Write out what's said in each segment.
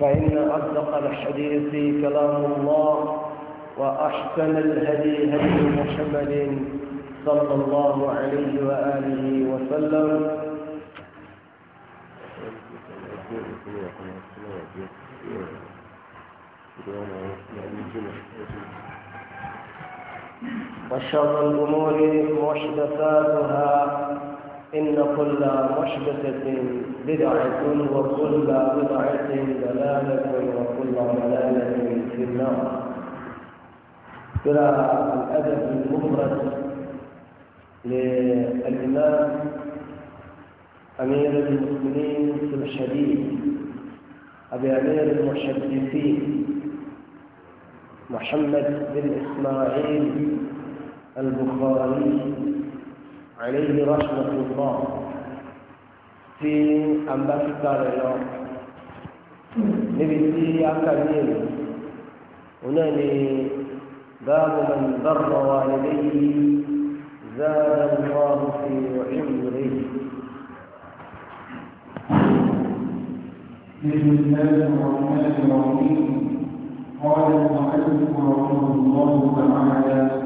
فإن أصدق الحديث كلام الله وأحسن الهدي هدي محمد صلى الله عليه وآله وسلم وشر الأمور محدثاتها إن كل محدثة بدعة وكل بدعة ضلالة وكل ضلالة في النار ترى الأدب المفرد للإمام أمير المسلمين في الشديد أبي أمير المحدثين محمد بن إسماعيل البخاري عليه رحمة الله في أنبات نبي في أكاديمي هنا باب من بر والديه زاد الله في عمره بسم الله الرحمن الرحيم قال المؤلف رحمه الله تعالى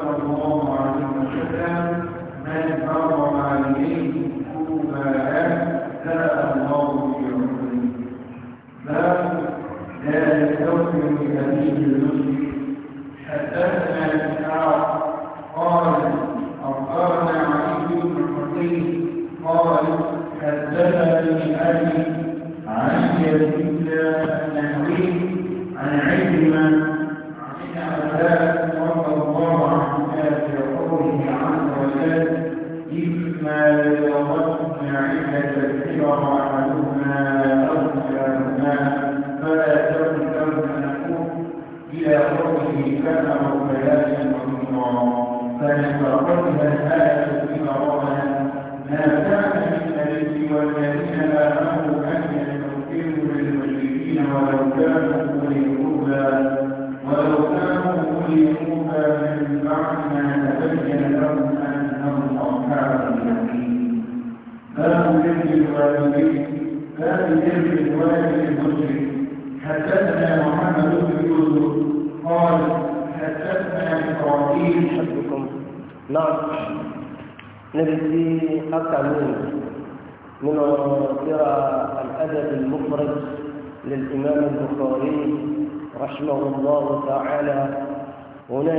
صلى الله عليه وسلم من حرم عليه كما لا الله يعلم باب لا يستغفر لأبيه المسلم náà níbi tí akàmín nínú tíra al-adab al-mufrad lil-imam al-bukhari رحمه الله تعالى هنا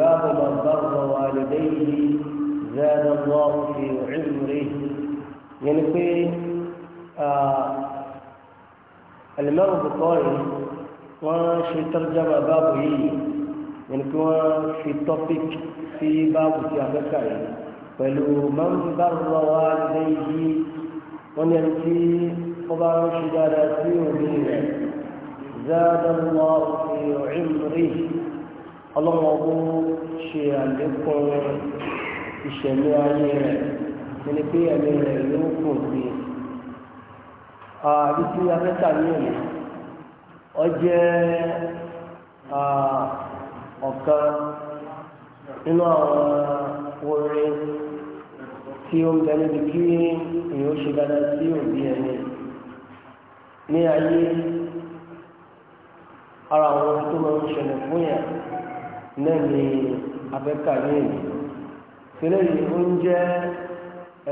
باب من بر والديه زاد الله في عمره يعني في آه، الإمام البخاري وشي ترجمة بابه ẹni pé wọ́n fi topic sí báàbù tí a fẹ́ kà yìí pẹ̀lú mọ́nbàrúwá wa lẹ́yìn wọ́n ní ẹni tí wọ́n bá ń ṣe dáadáa sí òní rẹ̀ záàdánwá fi ìmúrí ọlọ́wọ́n kó ṣe àlékún ìṣẹ̀lẹ̀ ayé rẹ̀ ẹni pé ẹ̀mí rẹ̀ yóò kò sí àbí tí a fẹ́ ọ jẹ́ ọ̀kan nínú àwọn orin tí ó ń bẹ níbi kí èèyàn ṣe dáadáa sí òbí ẹni ní ayé ara àwọn tó máa ń ṣẹlẹ̀ fún yà náà ni abẹ́ka ní èyí ó ń jẹ́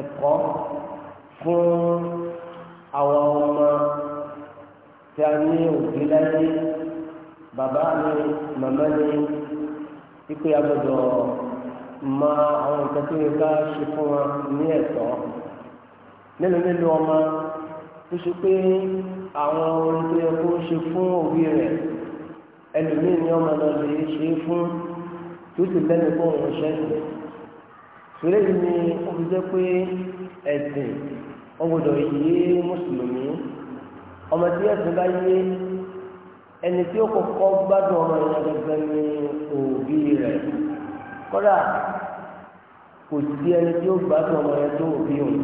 ẹ̀kọ́ fún àwọn ọmọ tí a ní òbí láyé bàbá mi màmá mi ipe agbọ́dọ̀ ma àwọn nǹkan tó yẹ ká ṣe fún wa ní ẹ̀tọ́ mélòó mélòó ọmọ tó ṣe pé àwọn orin tó yẹ kó ṣe fún òbí rẹ̀ ẹlòmíì ni ọmọ náà lè ṣe é fún tó sì lẹ́nu kó òun ṣẹ́yìn sùrẹ́ yìí ni ó fi jẹ́ pé ẹ̀sìn ọgbọ́dọ̀ yìí mùsùlùmí ọmọ tí ẹ̀sìn bá yé ẹni tí ó kọ́kọ́ gbádùn ọmọ yẹn gẹ́gẹ́ ní òbí rẹ̀ kódà kò sí ẹni tí ó gbádùn ọmọ yẹn tó òbí òun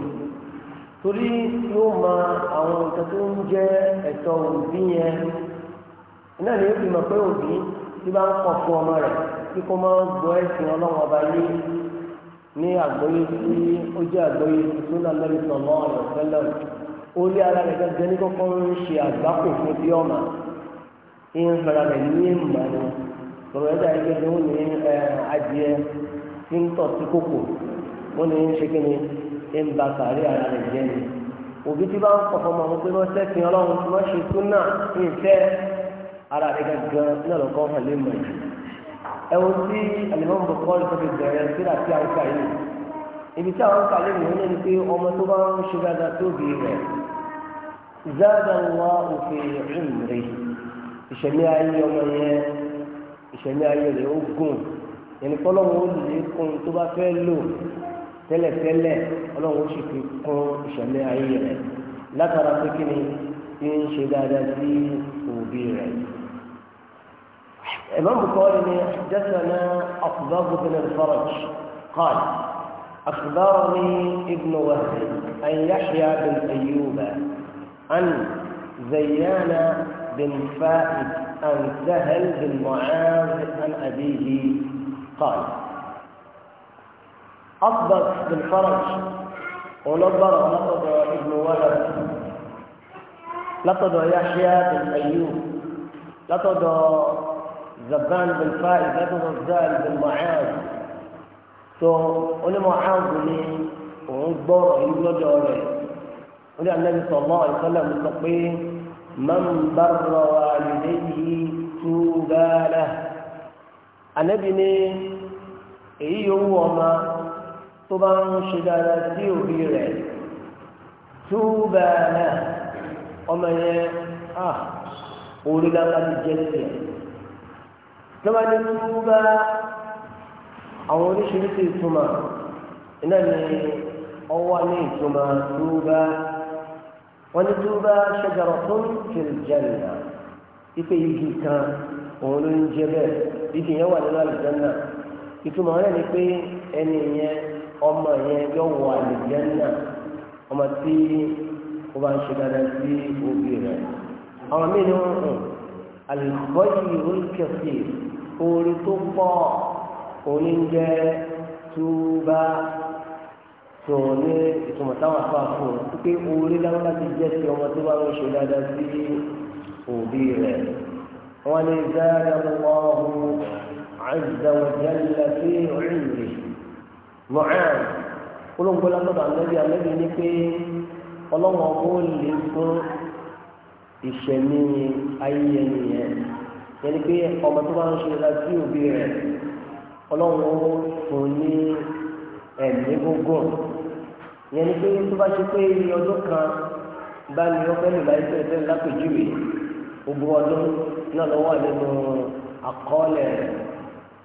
torí yóò mọ àwọn nǹkan tó ń jẹ́ ẹ̀tọ́ òbí yẹn iná ni ó fi mọ̀ pé òbí tí bá ń pọ̀ fún ọmọ rẹ̀ kí kó máa gbọ́ ẹ̀sìn ọlọ́run ọba yé ní àgbọ́yé tí ó jẹ́ àgbọ́yé tó náà lẹ́yìn tọ̀lọ́ ọ̀rọ̀ tẹ́lẹ̀ ó lé ara gẹ́gẹ́ ní kọ́kọ́ ń ṣe àgbákò fún bí ọmọ ń fara rẹ̀ ní ìmọ̀ ni tọ̀rọ̀ ẹ̀dá ẹgbẹ́ ni wọ́n ní adìẹ tí ń tọ̀ sí kòkò wọ́n ní ṣe kí ni ń ba kàrí ara rẹ̀ jẹ́ ni òbí tí bá ń kọ̀ fọmọ àwọn pé wọ́n sẹ́sìn ọlọ́run tí wọ́n ṣe tún náà ní ìfẹ́ ara rẹ̀ gangan náà lọ́kọ́ hàn lé mọ̀ yìí ẹ wo tí àlùmọ́ bọ̀ kọ́ ló fi bẹ̀rẹ̀ sí àti àwọn yìí ibi tí àwọn kà lẹ́yìn wọn ní pé ọmọ tó bá ń ṣe dáadáa tóbi rẹ̀ zádàlá òfin ìrìn rèé ìṣẹ̀mí ayé ọmọ yẹn ìṣẹ̀mí ayé rẹ̀ ó gùn ẹni pé ọlọ́run ó lè kún tó bá fẹ́ lò tẹ́lẹ̀tẹ́lẹ̀ ọlọ́wọ́ ó sì fi kún ìṣẹ̀mí ayé rẹ̀ látara pé kí ni tí ń ṣe dáadáa sí òbí rẹ̀. ni إمام بخاري حدثنا أخبار بن ní قال أخبرني ابن وهب أن يحيى بن أيوب أن زيان بن فائد عن سهل بن معاذ عن أبيه قال أصبت بالفرج ونظر لقد ابن ولد لقد يحيى بن أيوب لقد زبان بن فائد لقد زال بن معاذ so oní معاذ لي ونظر gbọ́ ìlú lọ́jọ́ النبي صلى الله عليه وسلم man barra walidayhi tuba lahu anabi ni èyí yòówù ọmọ tó bá ń ṣe dáadáa sí òbí rẹ̀ tuba lahu ọmọ yẹn a orí lára ti jẹ tiẹ̀ lọ́wọ́ ní túbà àwọn oríṣiríṣi ìtumọ̀ iná ni ọwọ́ ní ìtumọ̀ túbà wọ́n ní túbá ṣẹjọrọ tó ń kiri jẹnìyà ipe igi kan òun ló ń jẹ bẹ́ẹ̀ igi yẹn wà nínú àlùjànnà ìtumọ̀ rẹ̀ ni pé ẹni yẹn ọmọ yẹn yọ wọ àlùjànnà ọmọ tí ó bá ń ṣe dáadáa sí òbí rẹ̀ àwọn míì ni wọ́n hàn àlùkọ́yì oríkẹ̀sì orí tó pọ̀ òun ń jẹ́ túbá. tó ní ìtumọ̀ táwọn afọ àfọ pípé orí láwọn láti jẹ́ sí ọmọ tó bá ń ṣe dáadáa sí òbí rẹ̀ wọ́n ní záàdáwọ́hù olóńgbò látọ̀dọ̀ ní pé ọlọ́wọ́n lè fún ìṣẹ̀mí ayé pé ọmọ tó bá ń ṣe ìyẹn ni pé tó bá ṣe pé iye ọdún kan bá ní ọpẹ́ lè láyé fẹ́ fẹ́ lápèjúwe ogun ọdún náà lọ́wọ́ nínú àkọọ́lẹ̀ rẹ̀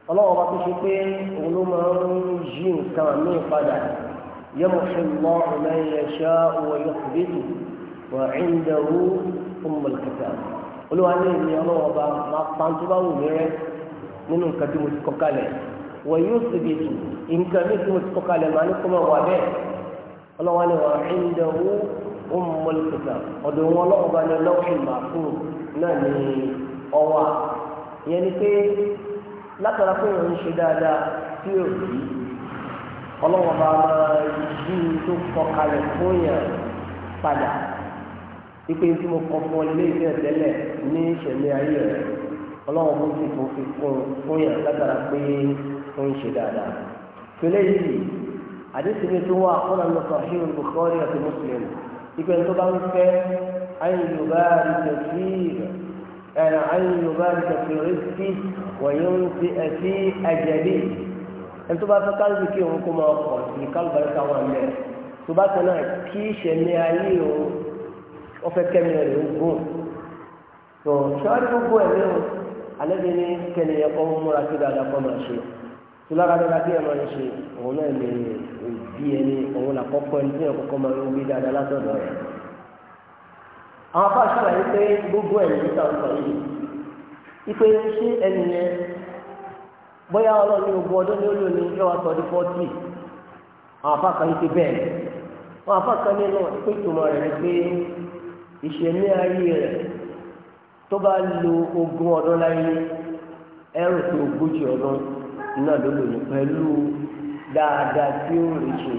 ọlọ́wọ́ bá tó ṣe pé òun ló máa ń yí nǹkan míì padà يمحو الله من يشاء ويثبت وعنده أم الكتاب olúwa ní èmi ọlọ́wọ́ ọba máa pan tó bá wù mí rẹ nínú nǹkan tí mo ti kọ́ kalẹ̀ wọ́n yóò ṣèbìtì nǹkan tí mo ti kọ́ kalẹ̀ máa ní kó máa wà bẹ́ẹ̀ ọlọ́wọ́ ni wà ìndẹ̀wò ummul kitab ọ̀dọ̀ wọn lọ́wọ́ bá ní lọ́wọ́ ìmàkú náà ní ọwà ìyẹn ni pé látara pé òun ṣe dáadáa tí ò rí ọlọ́wọ́ bá máa yí tó kọ kalẹ̀ fún yàn padà ipe tí mo kọ fún ọ lé ilé ní ìṣẹ̀lẹ̀ ayé rẹ̀ ọlọ́wọ́ bó ti tó fún yàn látara pé òun ṣe dáadáa. tòlẹ́yìn yìí àdéhùn mi tó wà kọ́nà ní sahih bukhari àti muslim ìgbẹ́ tó bá ń fẹ́ ayélujára kẹfì ẹ̀rọ ayélujára kẹfì rẹ́sì wọ̀nyẹn ti ẹ̀fí ẹ̀jẹ̀lì ẹni tó bá fẹ́ kálíbì kí òun kó máa pọ̀ sí kálíbàrí káwọn mẹ́ tó bá tẹ̀ náà kí ìṣẹ̀mí ayé o wọ́n fẹ́ kẹ́mi rẹ̀ ń tó lára dára bí ẹ máa ń ṣe òun náà lè bí ẹni òun là kọ́kọ́ ẹni tí ẹ kọ́kọ́ máa ń gbé dáadáa látọ̀dọ̀ rẹ̀. àwọn afá ṣàlàyé pé gbogbo ẹ̀yìn níta ń sọ yìí ipe ṣé ẹni yẹn bóyá ọlọ́run ní ogún ọdún ní ó lò ní yọ̀wá sọ di fọ́tì àwọn afá kan ti bẹ́ẹ̀ àwọn afá kan nínú pé ìtumọ̀ rẹ̀ ni pé ìṣẹ̀mí ayé rẹ̀ tó bá lo ogún ọdún láyé ẹrù tó ogójì ọdún náà ló lò ní pẹ̀lú dáadáa tí ó rí ṣe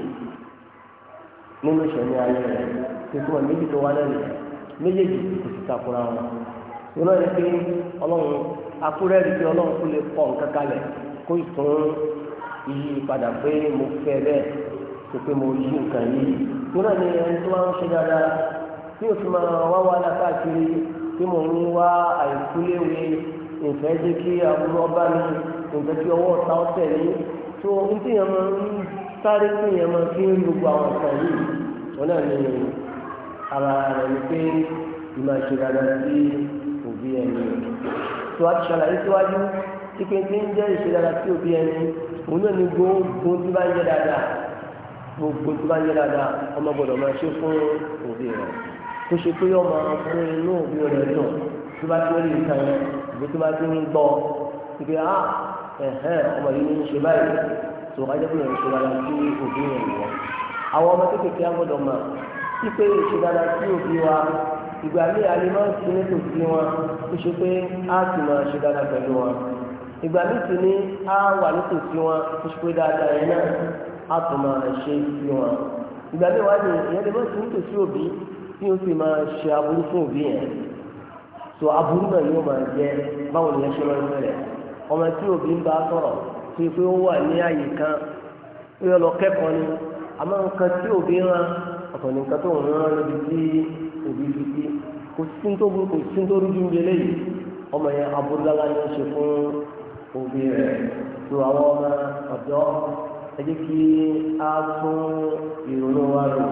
nínú ìṣẹ̀lẹ̀ ayé rẹ̀ tuntun wọn méjì tó wá lẹ́nu méjèèjì kò sì takura wọn. iná yẹn pé ọlọ́run akúrẹ́rì pé ọlọ́run kò lè pọ̀ nǹkan kalẹ̀ kó ìtún yí padà pé mo fẹ́ bẹ́ẹ̀ tó pé mo yí nǹkan yìí. iná ni ẹni tó máa ń ṣe dáadáa tí o fi máa wá wá lápá tí mo ń wá àìkúléwé ìfẹ́ jẹ́ kí àbúrò bá mi nǹkan tí ọwọ́ ta ọ tẹ̀lé tó ohun tí yẹn máa ń sáré tí yẹn máa fi ń gbogbo àwọn nǹkan yìí wọn náà ní ara rẹ̀ ni pé ìmọ̀ ìṣe dáadáa sí òbí ẹni tó a ti ṣàlàyé síwájú kíkẹ́ tí ń jẹ́ ìṣe dáadáa sí òbí ẹni òun náà ní gbogbo tí bá ń jẹ́ dáadáa gbogbo tó bá ń yẹ dáadáa ọmọ gbọ́dọ̀ máa ṣe fún òbí rẹ tó ṣe pé ọmọ fún inú òbí rẹ dùn tó bá ti rí nǹkan yẹn ìgbé tó bá ti ń gbọ́ ìgbé á ah, ẹ̀hẹ́n ọmọ yìí ní ṣe báyìí tó wájú pé ìṣe dáadáa sí òbí rẹ̀ nìyẹn. àwọn ọmọ kékeré agbọ́dọ̀ mọ̀ sí pé ìṣe dáadáa sí òbí wa ìgbà míì a lè máa ń sin nítòsí wọn tó ṣe pé a sì máa ṣe dáadáa pẹ̀lú wọn. ìgbà míì sì ni a wà nítòsí wọn tó ṣe pé dáadáa yẹn náà a tún máa ṣe sí wọn. ìgbà míì wá ní ìyẹn lè máa sin nítòsí òbí tí ó sì máa ṣe aburú fún òbí yẹn. tó aburú náà yóò máa jẹ báwo ni ẹ ṣe máa ń fẹ́rẹ̀ẹ́ ọmọ tí òbí ń bá sọ̀rọ̀ tí pé ó wà ní àyè kan ó yọ lọ kẹ́kọ̀ọ́ ni àmọ́ nǹkan tí òbí rán ọ̀tọ̀ ní nǹkan tó ń rán tí òbí fi kò sí tó burú kò sí tó rújú ń yìí ọmọ yẹn abúlálá ni ó ṣe fún òbí rẹ̀ tó àwọn ọmọ ọ̀dọ́ ẹ kí a tún ìrònú wa rò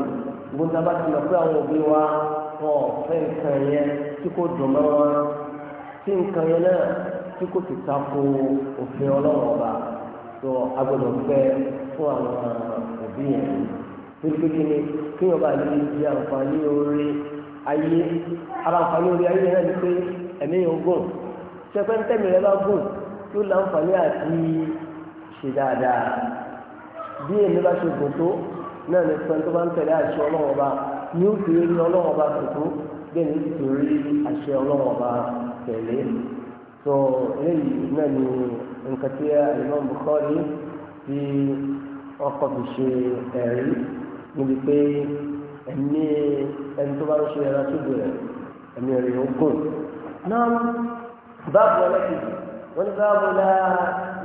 gbọ́dọ̀ bá ti lọ pé àwọn òbí wa fẹ́ nǹkan yẹn tí kò dùn tí kò sì tako òfin ọlọ́run ọba tó agbọ́dọ̀ fẹ́ fún àwọn òbí yẹn pípékí ni kí wọn bá lè di àǹfààní orí ayé ara àǹfààní orí ayé náà ni pé ẹ̀mí yẹn gùn ṣẹpẹ́ ń tẹ̀mí rẹ bá gùn yóò láǹfààní àti ṣe dáadáa bí èmi bá ṣe gùn tó náà ní pẹ́ tó bá ń tẹ̀lé àṣẹ ọlọ́run ọba ní ó ti rí ọlọ́run ọba tuntun bẹ́ẹ̀ ni ti rí àṣẹ ọlọ́run ọba tẹ̀lé so eléyìí náà ni nǹkan tí Imam Bukhari ti ọkọ̀ fi ṣe ẹ̀rí níbi pé ẹ̀mí ẹni tó bá ń ṣe ẹran tó bẹ̀rẹ̀ ẹ̀mí rẹ̀ ó gùn. náà báàbò ẹlẹ́kìtì wọ́n ní báàbò náà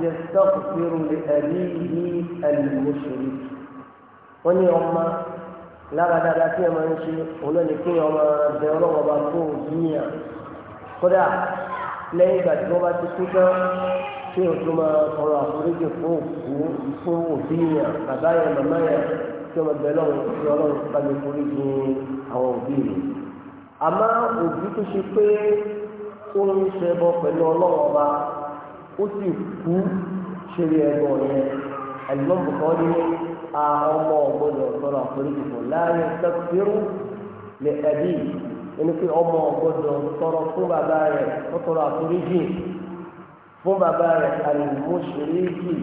yẹ sọ́ọ̀kù fi rúlẹ̀ ẹ̀rí yìí ẹ̀lùmọ́ṣẹ́rì. wọ́n ní ọmọ lára dáadáa tí ẹ máa ń ṣe òun náà ní kí ọmọ bẹ̀rẹ̀ ọlọ́wọ́ bá fún òun kódà lẹ́yìn ìgbà tí wọ́n bá ti kú tán tí o tún máa tọrọ àforíjì fún òkú fún òbí yẹn bàbá yẹn màmá yẹn tí wọ́n bẹ lọ́wọ́ tí ọlọ́run bá mi forí ju àwọn òbí mi. àmọ́ òbí tó ṣe pé ó ń ṣe ẹbọ pẹ̀lú ọlọ́run ọba ó sì kú ṣeré ẹbọ yẹn ẹ̀gbọ́n bùkọ́ ní àwọn ọmọ ọ̀gbọ́dọ̀ tọrọ àforíjì fún láàrin sẹ́kìrù ní ẹbí ẹni pé ọmọ ọgbọ́dọ̀ tọrọ fún bàbá rẹ̀ ó tọrọ àforíjì fún bàbá rẹ̀ àlùmọ́ṣẹ́rẹ́jì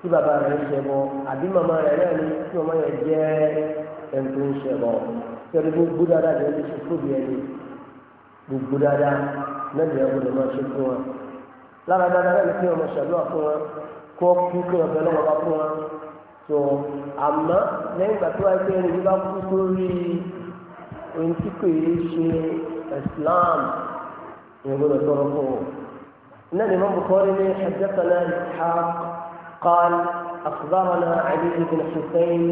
tí bàbá rẹ̀ ń ṣẹbọ àbí màmá rẹ̀ náà ni tí ọmọ yẹn jẹ́ ẹni tó ń ṣẹbọ tí ẹni gbogbo dáadáa ni ẹni ṣe fóbi ẹni gbogbo dáadáa náà ni ẹni gbọ́dọ̀ máa ṣe fún wọn lára dáadáa náà ni kí ọmọ ṣàdúrà fún wọn kó kí ọbẹ̀ lọ́wọ́ bá fún wọn tó àmọ́ lẹ́yìn ìgbà tó wáyé pé ẹni bá kú sórí ẹni tí اسلام يقول طرقه ان الامام بخاري حدثنا إسحاق قال أخبرنا علي بن حسين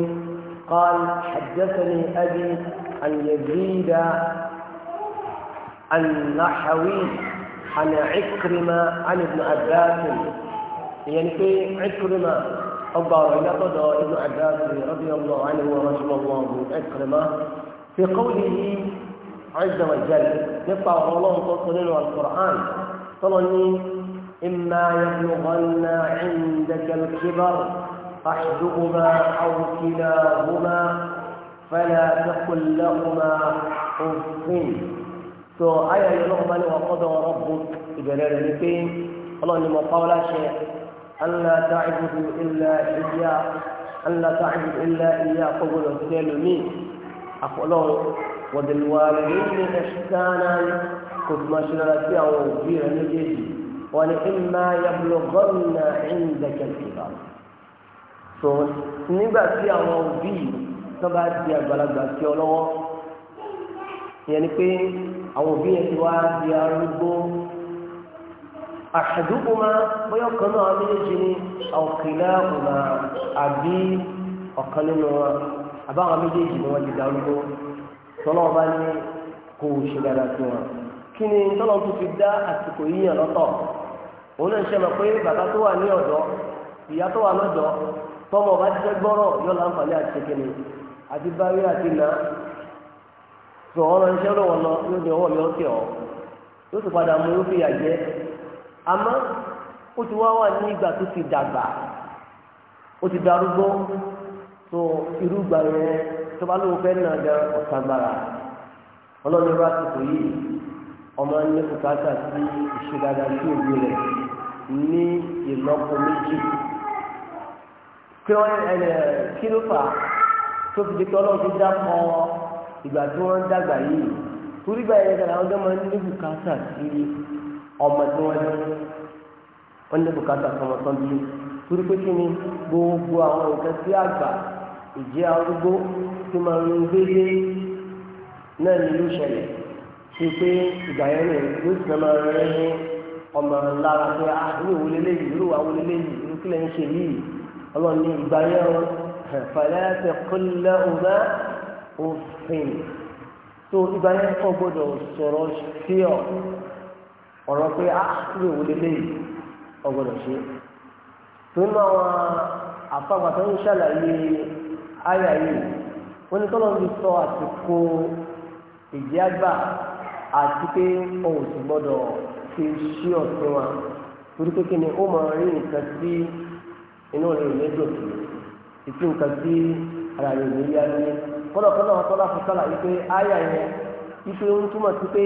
قال حدثني أبي عن يزيد النحوي عن عكرمة عن ابن عباس يعني في عكرمة أبا إلى ابن عباس رضي الله عنه ورحمه الله عكرمة في قوله عز وجل يقع الله تصلين القرآن صلني إما يبلغن عندك الكبر أحدهما أو كلاهما فلا تقل لهما أف تو آية لغمان وقضى ربك جلال لكين الله إنما قول شيء أن لا تعبد إلا إياه أن لا تعبد إلا إياه قبل السلمين àfọlọ́wọ́ wọ̀dẹ̀lùwàlẹ̀ ní ẹ̀ṣìkáná kò tó máa ṣẹlẹ̀ sí àwọn òbí rẹ̀ méjèèjì wọn ni ẹ máa yàgbọ́ gọ́ọ̀nà ẹ̀ńdẹ̀kẹ̀kẹ̀lá. tó nígbà tí àwọn òbí tó bá di àgbàlagbà sí ọ lọ́wọ́ ìyẹn ni pé àwọn òbí yẹn ti wá di arúgbó àṣàdúgbòmá bóyá ọkàn náà méjèèjì ni àwòkìlá ọ̀nà àbí ọ̀kan nínú wọn àbáwọn méjèèjì ni wọ́n ti darúgbó tọ́lọ́ ọba ní kò ṣe dáadáa sí wọn kí ni tọ́lọ́ tó fi dá àsìkò yíyàn lọ́tọ̀ òun náà ṣe mọ̀ pé bàbá tó wà ní ọ̀dọ́ ìyá tó wà lọ́dọ̀ tọ́mọ ọba ti fẹ́ gbọ́rọ̀ yọ láǹfààní àti ṣèkìnnì àti báwí àti nà tó ọ̀rọ̀ iṣẹ́ lọ́wọ́ lọ yóò ní ọwọ́ mi ó tẹ̀ ọ́ yóò sì padà mú irúfẹ́ ìyà jẹ́ àmọ́ ó ti wá wà ní ìgbà tó ti dàgbà ó ti darúgbó tó irúgba yẹn tó bá lóun fẹ́ nà gan ọ̀sàgbára ọlọ́run bá tuntun yìí ọmọ ní bùkátà sí ìṣèdáda sí òbí rẹ̀ ní ìlọ́po méjì kí ló fà tó fi di ọlọ́run ti dá pọ̀ ìgbà tí dàgbà yìí torí gba yẹn máa ní bùkátà sí ọmọ tí wọ́n ní wọ́n ní gbogbo àwọn ìjẹ́ arúgbó tí máa ń gbélé náà ní ló ṣẹlẹ̀ ṣe pé ìgbà yẹn ni ló sì máa ń rẹ́ ní ọmọ lára pé a ah, ní ìwúlé léyìí irú wa wúlé léyìí irú kílẹ̀ ń ṣe yìí ọlọ́run ní ìgbà yẹn o fàlẹ́ ẹsẹ̀ kọ́lẹ́ ọ̀gá òfin tó ìgbà yẹn kọ́ gbọ́dọ̀ sọ̀rọ̀ sí ọ ọ̀rọ̀ pé a ah, ní ìwúlé léyìí ọgbọ́dọ̀ ṣe tó ń bá wọn àfàgbàtà ń ṣàlàyé aya yìí wọ́n ní tọ́lọ́ ti sọ àsìkò ìjẹ́gbà àti pé ohun ti gbọ́dọ̀ fi ṣí ọ̀sìn wa torí pé kí ó máa rí nǹkan sí inú rẹ̀ lẹ́dọ̀ sí ìtú nǹkan sí ara rẹ̀ lórí ayé kọ́lọ̀kọ́lọ̀ wọn tọ́lá fún wípé yẹn ń túmọ̀ sí pé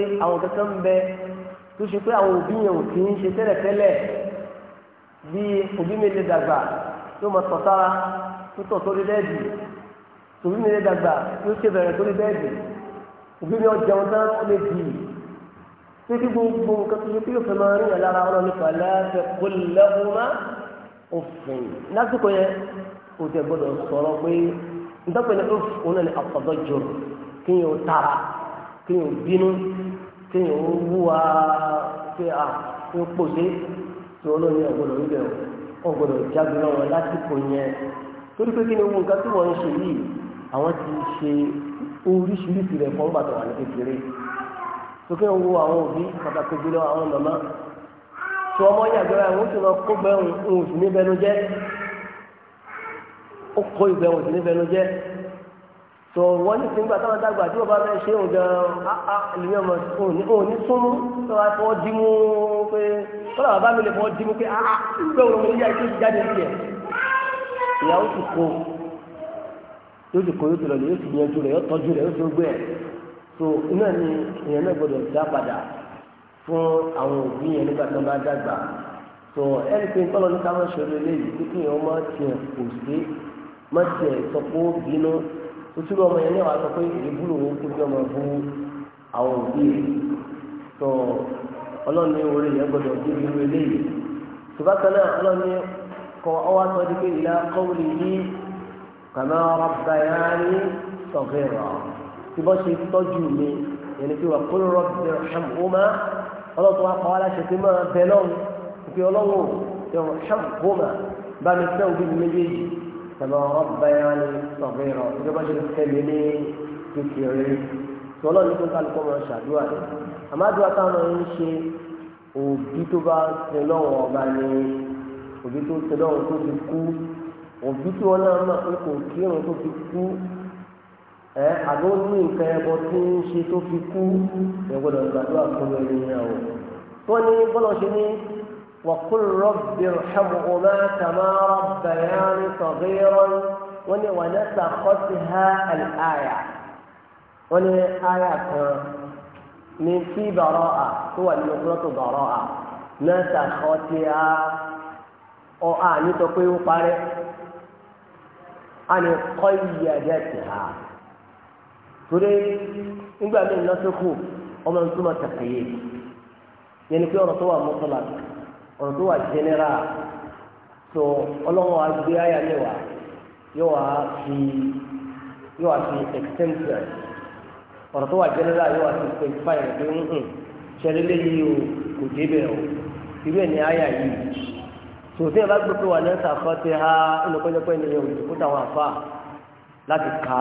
àwọn tó tọ̀ sórí bẹ́ẹ̀dì tòbí mi lè dàgbà yóò ṣe bẹ̀rẹ̀ sórí bẹ́ẹ̀dì òbí mi ọjà wọn tán lè dì í pé kí gbogbo nǹkan tó yẹ kí yóò fẹ́ máa rí ìyàlára ọ̀rọ̀ nípa kó má òfin lásìkò yẹn kò tẹ̀ gbọ́dọ̀ sọ̀rọ̀ pé ní òun náà ni kí tara kí bínú torí pé kí ni ogun nǹkan tí wọ́n ń ṣe yìí àwọn ti ṣe oríṣiríṣi rẹ̀ fún gbàtọ̀ wà ní kékeré sókè ń wo àwọn òbí pàtàkì jùlọ àwọn màmá tí ọmọ yàgbẹ́ra ìwọ́n ti lọ kó gbẹ̀hùn ohun sì níbẹ̀nu jẹ́ ó kó ìgbẹ̀hùn sì níbẹ̀nu jẹ́ tó wọ́n ní sìngbà táwọn dàgbà tí wọ́n bá fẹ́ ṣe òun gan-an áá lèmi ọmọ òun ní súnmú tó wá fọ́ dimú pé kọ́lá bàbá mi lè fọ́ dimú pé áá gbẹ̀hùn òun yíyá ìṣe jáde ìyàwó ti kó yóò ti kó yóò ti lọlẹ yóò ti yanjú rẹ yóò tọ́jú rẹ yóò ti gbé ẹ so iná ni ìyẹn náà gbọ́dọ̀ dá padà fún àwọn òbí yẹn nígbà tí wọn bá dàgbà so ẹni pé nǹkan lọ́dún káwọn ṣòro eléyìí pé kí èèyàn má tiẹ̀ kò sí má tiẹ̀ sọ pé ó bínú tuntun ọmọ yẹn náà wàá sọ pé èébú lòun kú bí ọmọ fún àwọn òbí so ọlọ́ni orí yẹn gbọ́dọ̀ dé irú eléyìí tó bá kan náà ọlọ́ni kọ́ ọwọ́ sọ di pé ìlà kọ́wùlì yìí kàmá rọ́bà yára ní sọ̀fẹ́rọ̀ tí bọ́ ṣe tọ́jú mi yẹni pé wà kúrò rọ́bì ṣàm ọmọ ọlọ́tún wa kọ́ wa láṣẹ pé máa bẹ lọ́wọ́ pé ọlọ́wọ́ yọ̀wọ̀ ṣàm ọmọ bá mi fẹ́ òbí mi méjèèjì kàmá rọ́bà yára ní sọ̀fẹ́rọ̀ tí bọ́ ṣe fẹ́ ní kékeré tí ọlọ́run tó kálukọ́ máa ṣàdúrà òbí tó ṣe lọ́run tó fi kú òbí tí wọn náà mọ̀ pé kò kírun tó fi kú ẹ àbí ó ní nǹkan ẹbọ tí ń ṣe tó fi kú ẹ gbàdúrà fún mi ní ìyá o. wọ́n ní bọ́lá ṣe ní wàkúrò rọ́bì rẹ̀hẹ́mùhùmá kàmá rọ́bàyánì sọ̀gẹ́rọ́n wọ́n ní wà nẹ́sà kọ́sì ha àlàyà wọ́n ní àyà kan ní tí bàrọ́ à tó wà nínú kúrọ́tò bàrọ́ à nẹ́sà kọ́sì ha. ọ àní sọ pé ó parẹ́ àní kọ́ iye ha torí nígbà míì lọ́sọ̀kù ọmọ nítorí tàkàyè yẹn ni pé ọ̀rọ̀ tó wà mọ́tọ́lá ọ̀rọ̀ tó wà jẹ́nẹ́rà tó ọlọ́wọ́ agbé ayà mẹ́wàá yóò wá fi yóò wá fi extension ọ̀rọ̀ tó wà yóò wá fi twenty five kò débẹ̀ o ayà yìí. sòtí ẹ bá gbé pé wà ní ẹsẹ àfọtí ha ẹnu kọjá pé ẹni yẹn òjò kó táwọn àfa láti ka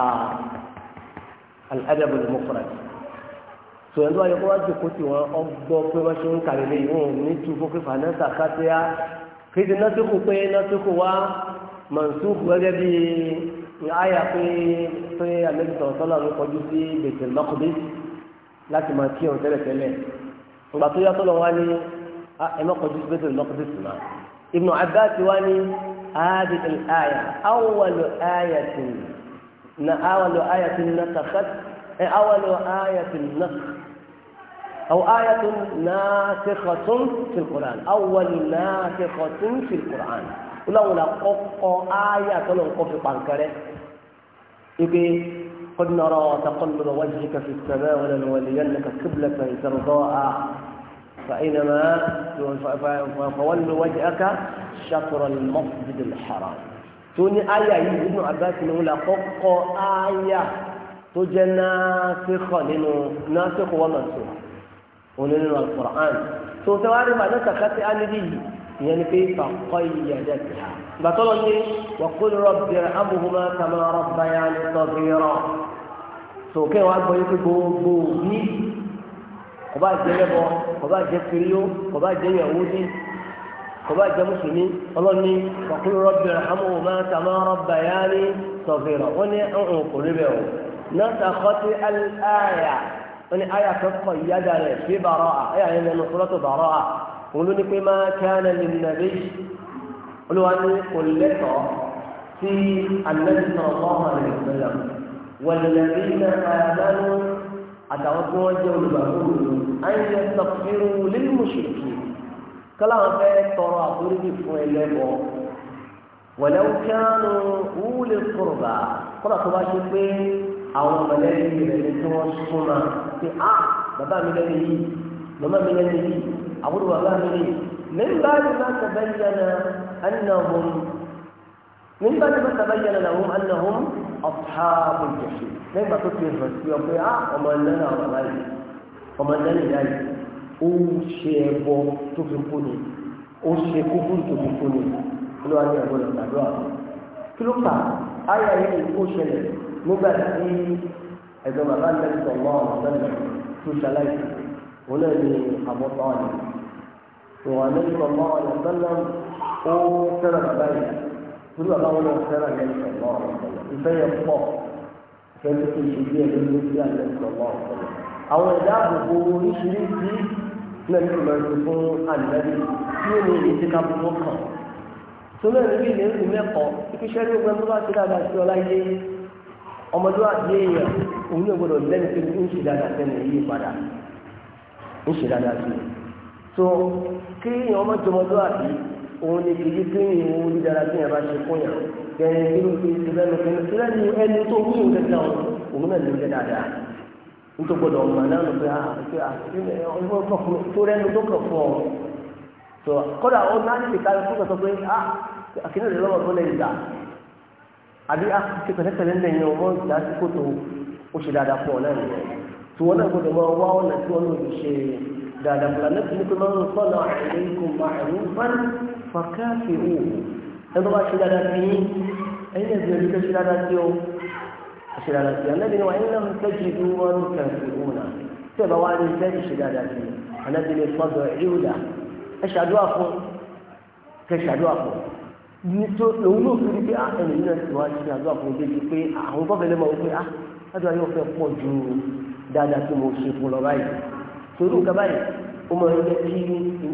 al-adab al-mufrad sòtí ẹni tó wà yẹ kó wá jòkó tí wọn ọgbọ pé wọn ṣe ń kàlẹ́ lé ìwọ̀n ní tu fún pípa ní ẹsẹ àfọtí ha kéde nọ́tíkù pé nọ́tíkù wá mọ̀nsúkù gẹ́gẹ́ bí àyà pé pé alẹ́bí sọ́lá ló kọjú sí bètè lọ́kùnrin láti máa kí ọ̀hún tẹ́lẹ̀tẹ́lẹ̀ ìgbà tó yàtọ̀ lọ wá ní ah, ẹ má sí bètè lọ́kùnrin sì máa. Ibn Abbas wá ní هذه الآية أول آية أول آية نسخت أول آية نسخ أو آية ناسخة في القرآن أول ناسخة في القرآن ولولا قق آية تلقى في قنكره يبي قد نرى تقلب وجهك في السماء ولنولينك قبلة ترضاها فإنما فولوا وجهك شطر المسجد الحرام توني آية ابن عباس نقول قق آية تجي ناسخة لأنه ناسخ ومنسوخ ونلنا القرآن تو سواري ما نسخت أن دي يعني كيف قيدتها بطلني وقل رب ارحمهما كما ربياني صغيرا تو كيف أقول لك kọba jẹ lẹbọ kọba jẹ kiriyó kọba jẹ yahudi kọba jẹ mùsùlùmí ọlọ́ni ọkùnrin rọ́bì rahamu máa tàmá rọ́bà yá ní sọ̀fìrọ̀ wọ́n ní ọ̀hún kò rí bẹ́ẹ̀ o náà sàkọ́tì aláya wọ́n ní aya kan kọ̀ yíyáda rẹ̀ fi bàrọ̀ à ẹ̀yà yẹn lẹ́nu kúlọ́tò bàrọ̀ à wọ́n ló ní pé máa kẹ́hánà lè nàbí olúwa ní kò lẹ́tọ̀ọ́ sí alẹ́ sọ̀rọ̀ mọ́ àtàwọn tí wọ́n jẹ́ olùgbàgbọ́ òdodo àyìnlẹ̀ sọ̀fìrù lílùmùsùlùkì kọ́lá wọn fẹ́ tọrọ àforíjì fún ẹlẹ́bọ wọ̀lẹ́ kánú wúlé kùrùbà kọ́lá tó bá ṣe pé àwọn mọ̀lẹ́bí rẹ̀ ní tí wọ́n súnmọ́ pé a ah, bàbá mi lẹ́nu yìí màmá mi lẹ́nu yìí àbúrò bàbá mi ní. nígbà tí wọ́n ti bẹ́ẹ̀ من بعد ما تبين لهم أنهم أصحاب الجحيم لما تطلع الرسول يقول آه ومن لنا ومن ومن لنا إليه أوشيبو تفقني أوشيكوكو تفقني كل واحد يقول لك دعوة كل ما آية هي أوشيلة مبادئ إذا ما قال النبي صلى الله عليه وسلم تشاليت هنا أبو طالب وعن النبي صلى الله عليه وسلم أو كان torí bàbá wọn lọ fẹ́ràn lẹ́yìn sọ̀rọ̀ ọ̀sọ̀rọ̀ ìfẹ́ yẹn pọ̀ fẹ́ẹ́ tó ṣe bí ẹni ló bí àlẹ́ sọ̀rọ̀ ọ̀sọ̀rọ̀ àwọn ẹ̀dá àbòbò oríṣiríṣi lẹ́nu ìlọrin fún àlẹ́bí tí ó lè ní síkà bó kàn torí ẹni bí ilé ìlú mẹ́kọ̀ọ́ ìfiṣẹ́ ní ogun tó bá ti dáadáa sí ọlá yé ọmọdé àti èèyàn òun yóò gbọdọ̀ lẹ́nu pé ń ṣe dáadáa sẹ́nu yí padà ń ṣe dáadáa sí i so kí ọmọdé ọmọdé àti òun ni kìí pé ìwọ onídàára tí yàrá ṣe fún yàn kẹrin kí ló fi ìṣẹ̀lẹ̀ lọ kẹrin sílẹ̀ ní ẹni tó wí òun kẹta òun òun náà ló ń jẹ dáadáa nítorí gbọ́dọ̀ ọmọ náà ló pé àti ah, ah, ọkùnrin tó rẹnu tó kàn fún ọ tó kódà ó náà ní ìta tó kàn sọ pé a ah, àkínú rẹ lọ́wọ́ tó lè gbà àbí a ti pẹ̀lẹ́pẹ̀lẹ́ lẹ́yìn ọmọ ìgbà tí kò tó ó ṣe dáadáa fún ọ náà nìyẹn tí wọn náà gbọ́dọ̀ dáadáa fúlà náà ní pé máa ń sọ́nà àìlẹ́kùn ma'rufan fakafi'u ẹni tó bá ṣe dáadáa sí yín ẹni náà bìnrin tó ṣe dáadáa sí ọ ṣe dáadáa sí ànábì ni wà ní náà tẹ́jì ìlú wọn kafi'u náà tẹ́ bá wá ní tẹ́jì ṣe dáadáa sí ànábì ni fọ́dọ̀ ìrúdà ẹ ṣàdúrà fún kẹ ṣàdúrà fún nítorí òun náà fi rí pé ẹni náà ti wá ṣe àdúrà fún débi pé àwọn torí nǹkan báyìí ó máa ń jẹ́ kí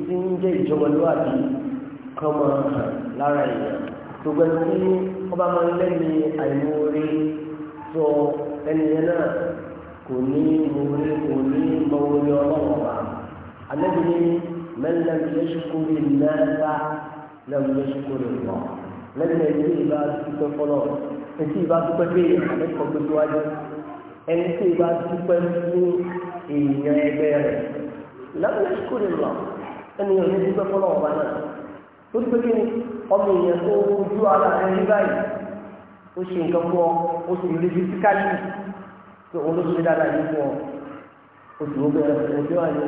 ti ń jẹ́ ìjọmọlúwàbí kan máa hàn lára èèyàn gbogbo ẹni tí wọ́n bá máa ń lẹ́ni àìmoore sọ ẹni yẹn náà kò ní moore kò ní mọ̀wòye ọlọ́wọ́ wa alẹ́bi ni mẹ́lẹ́m yẹ́sùkúrì mẹ́ta lẹ́mu yẹ́sùkúrì mọ́ lẹ́nu ẹni ìbá dúpẹ́ fọlọ́ ẹni ìbá dúpẹ́ bẹ́ẹ̀ àlẹ́ gbogbo wájú ẹni ìbá dúpẹ́ fún èèyàn ẹgbẹ́ rẹ̀ lábẹ́ ṣùkúrì lọ ẹni yóò ní dúpẹ́ fọlọ́ ọba náà tó ti pé kí ni ọmọ èèyàn tó ojú ara rẹ̀ rí báyìí ó ṣe nǹkan fún ọ ó sì rí bí síkálì pé òun ló ṣe dáadáa yìí fún ọ ó sì wọ́n bẹ̀rẹ̀ fún ojú àyè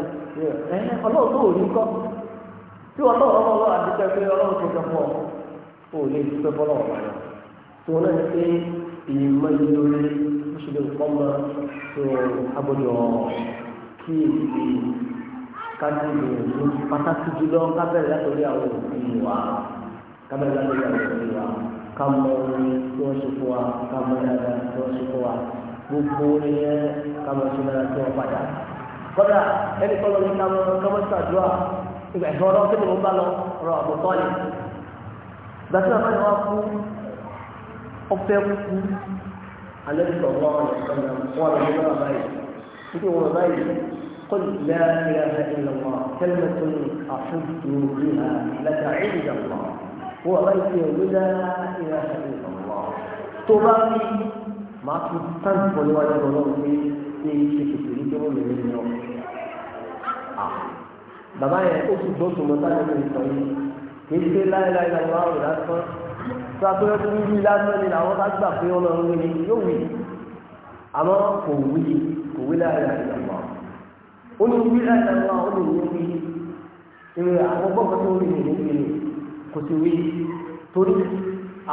ẹ ọlọ́run tó ò ní kọ́ tí ọlọ́run ọmọ ọlọ́run àdúpẹ́ pé ọlọ́run ṣe nǹkan fún ọ ó lè dúpẹ́ fọlọ́ ọba náà tó náà ní ìmọ̀ ìlú ṣe lè kọ́ mọ́ tó agbọ́dọ̀ kí èsì kájú ìrìnàjò pàtàkì jùlọ kábẹ̀rẹ̀ látọ̀rí àwọn òfin wa kábẹ̀rẹ̀ látọ̀rí àwọn òfin wa ká mọ orin tí wọ́n ṣe fún wa ká mọ dáadáa tí wọ́n ṣe fún wa gbogbo orin yẹn ká mọ ṣe dáadáa tí wọ́n padà. kọ́dà ẹni kọ́ lọ ní ká mọ kọ́mọ́sí àdúrà ìgbà ẹ̀fọ́ ọlọ́ tí mo bá lọ ọ̀rọ̀ àbùtọ́lì gbàtí النبي صلى الله عليه وسلم قال قل لا إله إلا الله كلمة أحبت بها لك عند الله هو بيت لا إله إلا الله تباري ما تستنفل ولا تنظر في ṣe kékeré tó wọ́n lè lọ. Bàbá yẹn ó sì gbọ́ sọ̀rọ̀ táwọn ènìyàn sọ yìí. Kì tó a pé ọdún wíwí lásán ni làwọn bá gbà pé ọlọ́run wí ni yóò wí àmọ́ kò wí kò wí láàyè àyàmọ́ ó ní wí láàyè àyàmọ́ ó ní wí wí ìwé àwọn gbọ́dọ̀ tó wí ní wí ni kò sí wí torí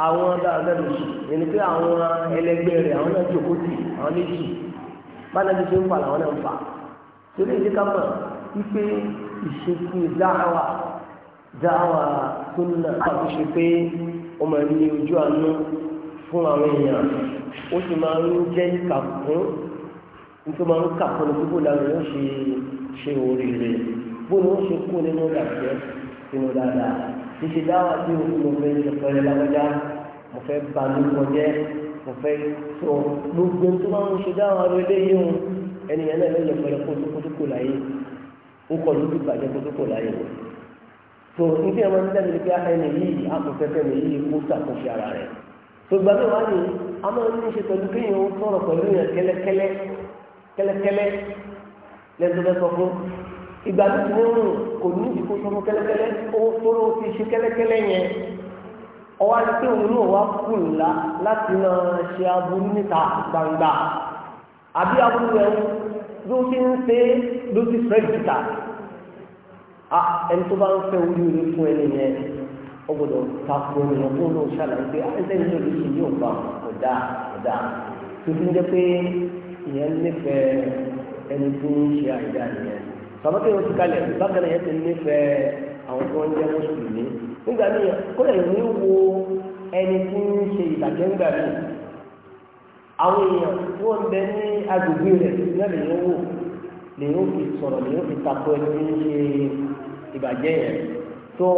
àwọn dáadáa lòsì ẹni pé àwọn ẹlẹgbẹ́ rẹ̀ àwọn náà jókòó tì àwọn ó máa ní ojú àánú fún àwọn èèyàn ó sì máa ń jẹ́ ìkàkún nítorí máa ń kàkún ní gbogbo ìlànà yóò ṣe ṣe oríire bóyá ó ṣe kú nínú ìdàgbẹ́ sínú dáadáa ṣíṣe dáwà tí o mo fẹ́ ṣe pẹ̀lẹ́ lágbájá mo fẹ́ ba lórúkọ jẹ́ mo fẹ́ sọ gbogbo tó máa ń ṣe dáwà rẹ léyìí o ẹnìyẹn náà ló yẹ pẹ̀lẹ́ kótókótó kò láyé ó kọ lójú ìbàjẹ́ kótókó láyé o tó níbi ẹ̀rọ ní sẹ́ni pé ẹni yìí akọ̀fẹ́fẹ́ mi yìí kó ṣàkóso ara rẹ̀ tó gba mi wá ní a máa ní ṣe pẹ̀lú kéèyàn ó sọ̀rọ̀ pẹ̀lú yẹn kẹ́lẹ́kẹ́lẹ́ kẹ́lẹ́kẹ́lẹ́ lẹ́sọ̀fẹ́ sọ fún ìgbà tó ti wọ́n rùn kò ní ìdí kó sọ fún kẹ́lẹ́kẹ́lẹ́ ó sọ̀rọ̀ ó ti ṣe kẹ́lẹ́kẹ́lẹ́ yẹn ọwọ́ àti pé òun náà wá kù ńlá láti máa ṣe aburú níta gbangba àbí aburú rẹ̀ a ah, ẹni tó bá ń fẹ́ orí orí fún ẹni yẹn ó gbọ́dọ̀ takò ènìyàn tó lọ ṣàlàyé pé àìsàn ìlú ìlú yìí ò bá kò dá kò dá tó fi ń jẹ́ pé ìyẹn nífẹ̀ẹ́ ẹni tó ń ṣe àìdá nìyẹn sàbákẹ́ yóò ti kalẹ̀ bákan náà yẹn ti nífẹ̀ẹ́ àwọn tó ń jẹ́ mùsùlùmí nígbà míì kódà ìní wo ẹni tó ń ṣe ìbàjẹ́ ńgbà míì àwọn èèyàn tí wọ́n bẹ ní agbègbè rẹ̀ lẹ́yìn owó lèyìn ó fi sọ̀rọ̀ lèyìn ó fi takò ẹni tó ń ṣe ìbàjẹ́ yẹn tó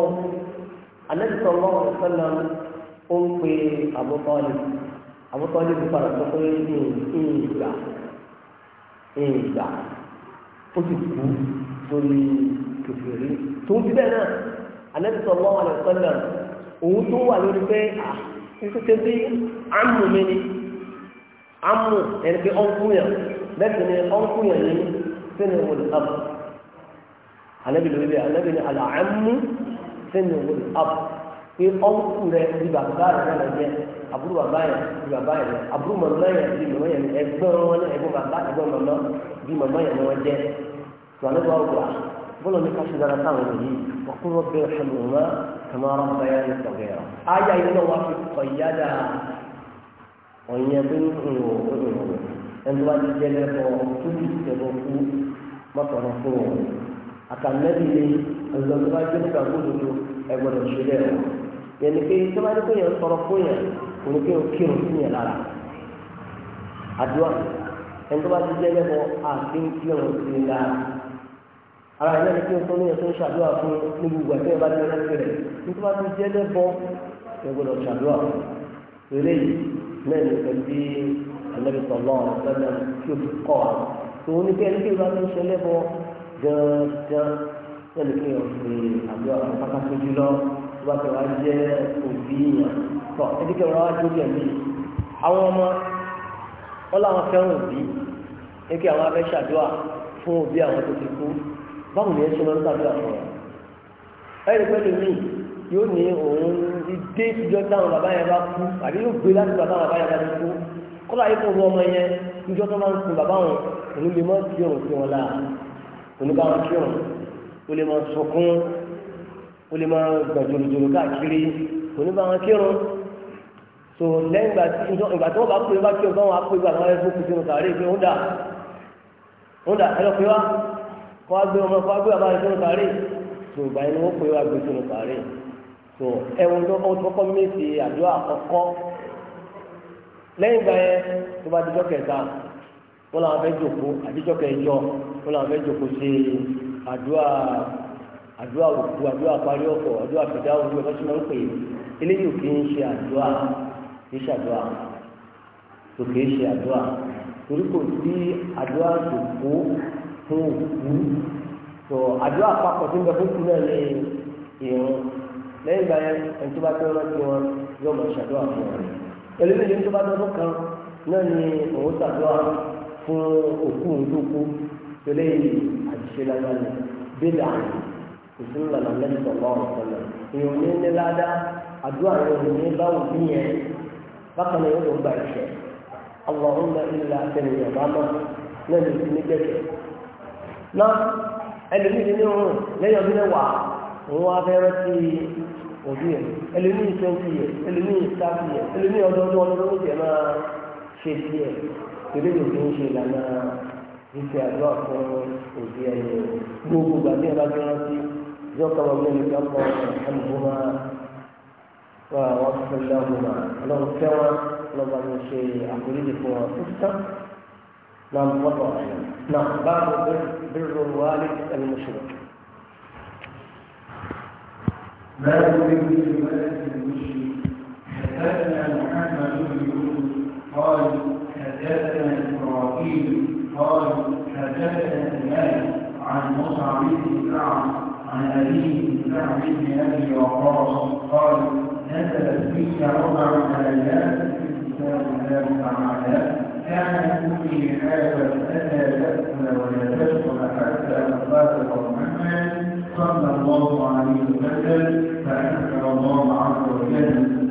anẹ́sọ̀ lọ́wọ́ sọ́nà ó ń pe àbúkọ́lì àbúkọ́lì ti padà sọ pé ìgbà ìgbà ó ti kú sórí kòkòrò tó ti bẹ́ẹ̀ náà anẹ́sọ̀ lọ́wọ́ sọ́nà òun tó wà lórí pé à títí tí àmù mi ni àmù ẹni pé ọ̀nkú yẹn bẹ́ẹ̀ sì ni ọ̀nkú yẹn ni sínú ìwòlù àbù anabi lórí anabi ní alàámu sẹ́ni owó ní abu pé ọ́nkù rẹ ní bàbá rẹ náà jẹ àbúrò bàbá yẹn ní bàbá yẹn àbúrò màmá yẹn ní màmá yẹn ẹgbẹ́ wọn ní ẹgbẹ́ bàbá ẹgbẹ́ màmá bí màmá yẹn ní wọn jẹ tó anabi wà wà bọ́lá ní ká ṣe dára táwọn ọmọ yìí wà kó wọ́n bẹ̀rẹ̀ ṣe lòun náà kàmá ara ń báyà ní sọ̀gẹ̀ rà áyà yìí náà wà fi kọ̀ ìyá dáa ọ̀yẹ́ bí ẹni tó bá ti jẹ́ lẹ́kọ̀ọ́ tó ti tẹ̀ lọ fún mọ́tò ọ̀nà fún wọn àtàlẹ́bí ni ẹ̀rọ tó bá jẹ́ nípa gbódòdó ẹgbọ́dọ̀ ṣe bẹ́ẹ̀ wọ̀ yẹnni pé tó bá ní kó yẹn sọ̀rọ̀ fún yẹn kò ní kí o kírun sí yẹn lára àdúrà ẹni tó bá ti jẹ́ lẹ́kọ̀ọ́ àti ń kírun sí yẹn lára ara ẹ̀ lẹ́ni kí o tó ní yẹn tó ń ṣàdúrà fún ní gbogbo àti ẹ̀bá ti rẹ́sì rẹ̀ ní tó bá ti jẹ́ lẹ́kọ̀ọ́ ṣàdúrà eré yìí náà ní pẹ̀lú bí ẹ̀lẹ́bí sọ̀lọ́ ọ̀rọ̀ gángan sẹ́ni kí wọ́n fi àdúrà fún pátákó jùlọ tó bá tẹ̀wá jẹ́ òbí yàn tọ́ ẹbí kẹwàá wá jókè mí àwọn ọmọ wọn làwọn fẹ́ràn òbí ní kí àwọn abẹ́ ṣàdúrà fún òbí àwọn tó ti kú báwo ni ẹ ṣe lọ ní ṣàdúrà fún ọ ẹ̀rí pẹ̀lú mi yóò ní òun dé ìjọ táwọn bàbá yẹn bá kú àbí yóò gbé láti bàbá bàbá yẹn bá ti kú kọ́lá yìí fún ọmọ yẹn ìjọ tó máa ń oníbàwọn kírun ó lè máa sọkún o lè máa gbà jòròjòrò káàkiri oníbàwọn kírun tó lẹ́yìn ìgbà tí wọ́n bá pè é bá kí ọgbà wọn á pè é gbà wọn á fún kùtù nǹkan àárẹ̀ pé ó dà ó dà ẹ lọ pé wá kó wá gbé ọmọ kó wá gbé bàbá rẹ̀ sínú kàárẹ̀ tó ìgbà yẹn ni wọ́n pè é wá gbé sínú kàárẹ̀ tó ẹ̀wọ̀n tó kọ́kọ́ mẹ́sì àdúrà àkọ́kọ́ lẹ́yìn ìgbà yẹn tó bá dijọ́ kẹta wọ́n làwọn fẹ́ jòkó àdíjọ́ kẹjọ wọ́n làwọn fẹ́ jòkó ṣe àdúrà àdúrà òkú àdúrà parí ọ̀pọ̀ àdúrà fìdá òkú ọ̀pọ̀ tí wọ́n ń pè é eléyìí ò kì í ṣe àdúrà kì í ṣe àdúrà kò kì í ṣe àdúrà torí kò sí àdúrà jòkó fún òkú tó àdúrà papọ̀ tó ń bẹ fún náà ní ìrún lẹ́yìn ìgbà yẹn ẹni tó bá tẹ́ ọ́nà tí wọ́n yọ̀ mọ̀ ṣàdúrà fún wọn ẹlẹ́yìn tó fún òkú ńdókú tẹ́lẹ̀ yìí àṣìṣe lánàá ni bílẹ̀ àná ìsinmi lànà lẹ́yìn tọ̀gbọ́ èèyàn ní ní ládá àdúrà rẹ̀ ò ní bá òbí yẹn bákan náà yóò gba ìṣẹ̀ ọlọ́run ilẹ̀ àtẹnìyàn bá mọ̀ náà lè fi ní kẹ̀kẹ́ náà ẹlòmíì ní òun lẹ́yìn ọdún òun wá rántí òbí yẹn ẹlòmíì ẹlòmíì ẹlòmíì ọdún ọdún ọdún ọdún tẹ̀lé yóò fi ń ṣe ìlànà ìṣe àdúrà fún òbí ẹni gbogbo gbàdé ẹ bá gbé rántí zọ́ọ̀kà wọn gbé nìkan kọ ẹnìmọ́mà wà wọ́n fi fẹ́ lọ́mọ́mà ọlọ́run fẹ́ wọn lọ́ba ní ṣe àforíjì fún wọn tó tán náà wọ́n tọ̀ náà báwo bẹ́ẹ̀rù wàhálì ẹni mọ̀ṣúrọ̀. باب ذكر الملك المشرك حدثنا محمد بن يوسف قال حدثنا إسرائيل قال حدثنا إيمان عن مصعب بن كعب عن أبيه بن كعب بن أبي وقاص قال نزلت في ربع آيات في كتاب الله تعالى كانت أمي هذا أتى تأكل ولا تشرب حتى أصابت محمد صلى الله عليه وسلم فأنكر الله عز وجل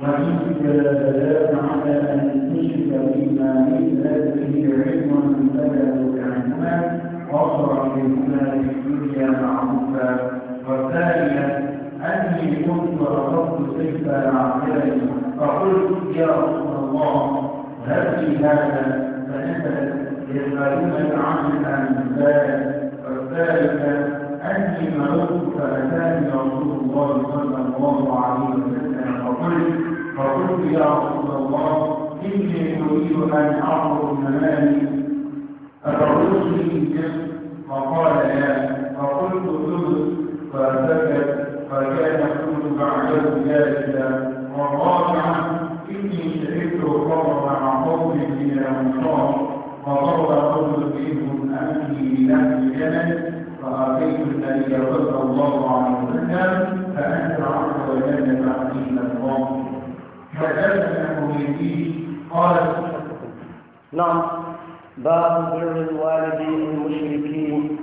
وإنك لتدافع على أن تشرك بما ليس لك به علم فتدعوك عنهما واصرف بهما في الدنيا معروفا والثانية أني كنت رفضت سيف العقلين فقلت يا رسول الله هل في هذا فنزلت يسألونك عن الأنبياء والثالثة أني مرضت فأتاني رسول الله صلى الله عليه وسلم فقلت فقلت يا رسول الله إني أريد أن أعبر المنام أتردني الجسم فقال لا فقلت ثلث فسكت فكان كل بعده ذلك والرابعة إني شهدت القبر مع قوم من الأنصار فضرب قوم منهم من اهل الجنه فأتيت النبي صلى الله عليه وسلم فأنت عز وجل تعليم الله فأذنه به قال نعم باب بر الوالدين المشركين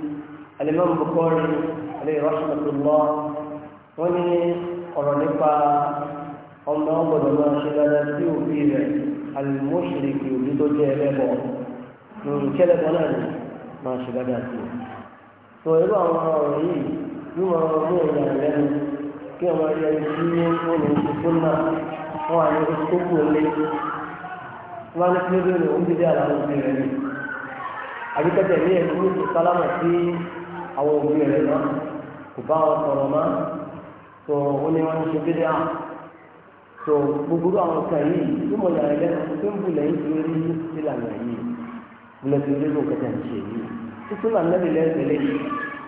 الإمام بخاري عليه رحمة الله وني قرنقا ọmọ ọgbọdọ máa ṣe dáadáa sí òbí rẹ alimusiriki òbí tó jẹ ẹlẹbọ lórí hmm, kẹlẹbọ náà ni máa ṣe dáadáa sí i. tó irú àwọn ọ̀rọ̀ yìí bí wọ́n mú ìyàrá lẹ́nu kí ọmọ ẹ̀yà ìṣúná ó lè ṣe fún náà wọn àná oṣù tó kù lé wọn ní kílódé ní oúnjẹ dé àwọn òbí rẹ ni àbí tẹ́tẹ̀ ní ẹ̀kú ní sálámà sí àwọn òbí rẹ náà kò bá wọn sọ̀rọ̀ mọ́ tó wọn ní wọn ṣe dédé à tó gbogbo àwọn kan yìí tó mọ̀ yàrá lẹ́nu tó ń bù lẹ́yìn tó rí sílànà yìí bulẹ̀ tó rí lóun kẹta ń ṣe yìí títí lànà lè lẹ́sẹ̀lẹ̀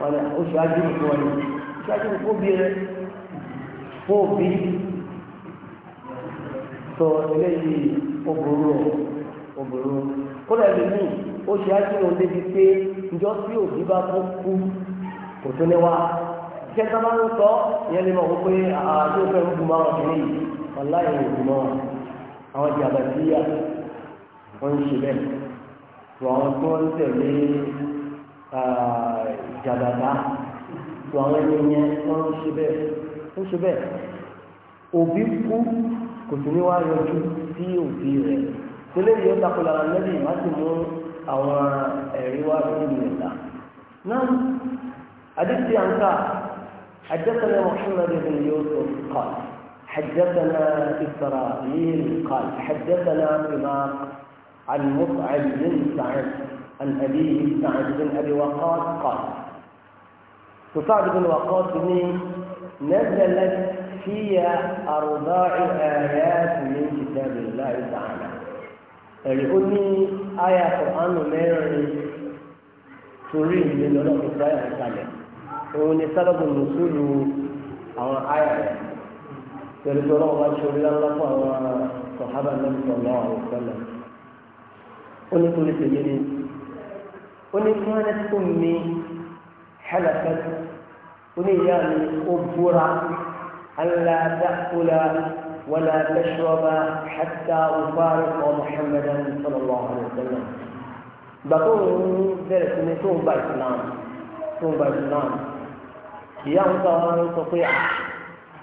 wọn oṣù ajínigbó wọn oṣù ajínigbó bí rẹ fún sọ eléyìí obìnrin rẹ̀ obìnrin kódà lèmi ó ṣe ákíyàn débi pé njọ́ tí òbí bá tó kú kò ní wá a ń sọ ìyẹn pé àádó ń àwọn àwọn ìjàmbá sí ń ṣe bẹ́ẹ̀ tó àwọn tó ń ìjàdàdà tó àwọn ẹni yẹn ń ṣe ń ṣe òbí kú kò sì ní wá yọjú sí òbí rẹ̀ tẹ́lẹ̀ yìí ó takò lára lẹ́bí wá sì mú àwọn ẹ̀rí wá sí ìlú ẹ̀dá náà adéṣe àǹkà حدثنا محمد بن يوسف قال حدثنا إسرائيل قال حدثنا إمام عن مصعب بن سعد عن أبيه سعد بن أبي وقاص قال وسعد بن وقاص نزلت هي أرباع آيات من كتاب الله تعالى الأني آية قرآن ميري تريد من الله تعالى تعالى وأني سبب النزول أو آية يرجو الله شر الله وصحابة النبي صلى الله عليه وسلم أني تريد مني أني كانت أمي حلفت أني يعني أبورا ألا تأكل ولا تشرب حتى أفارق محمدا صلى الله عليه وسلم بقول درس من توبة إسلام توبة إسلام ìyáwó sáwọn ọmọ sọ pé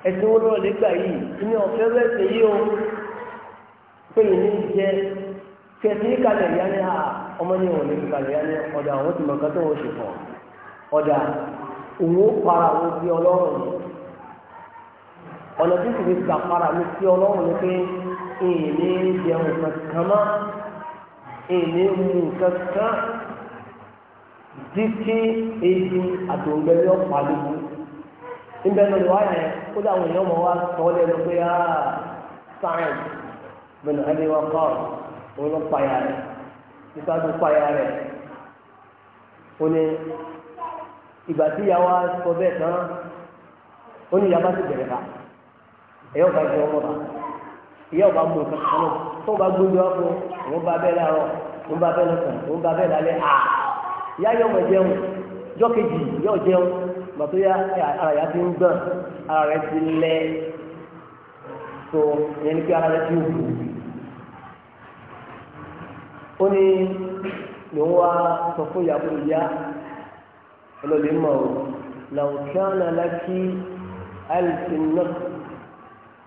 ẹsìn wọn lọ́rọ̀ lẹ́gbà yìí ní ọ̀fẹ́ rẹ̀ yìí o pé ìní jẹ kẹsì kalẹ̀ yá ní ha ọmọ ní òun ní kalẹ̀ yá ní ọ̀dà àwọn tí mọ̀ká tó wọ́n ṣe fọ́ ọ̀dà òun ó para òun bí ọlọ́run yìí ọ̀nà tó sì fi gbàpara mi sí ọlọ́run ni pé èmi jẹun kankan mọ́ èmi mú kankan díkì èyí àtòǹgbẹ́lẹ́ ọ̀pá lóko níbẹ̀ ní ọ̀dọ̀ wáyà yẹn kó dà àwọn èèyàn mọ̀ wá sọ ọ́ lẹ́nu pé á sáyẹn bẹ̀rẹ̀ ẹni wá kọ́ òun ló payà rẹ̀ nípa tó payà rẹ̀ ó ní ìgbà tí ìyá wa sọ bẹ́ẹ̀ tán ó ní ìyá bá ti bẹ̀rẹ̀ báyìí ẹ̀yọ́ bá jẹ ọmọ bá ìyá ọba mú nǹkan kan náà tó bá gbójú wá fún òun bá bẹ́ẹ̀ láàárọ̀ òun bá bẹ́ẹ̀ lọ́sàn òun bá bẹ́ẹ̀ lálẹ́ à ìyá yọ ọmọ jẹun jọ kejì yọ jẹun gbàtó yá ara yá ti ń gbọ̀n ara rẹ ti lẹ tó yẹn ní kí ara rẹ ti wù ó ní lòun wá sọ fún ìyàwó ìyá ọlọ́lẹ̀ mọ̀ ọ́ làwọn lákì àìsàn náà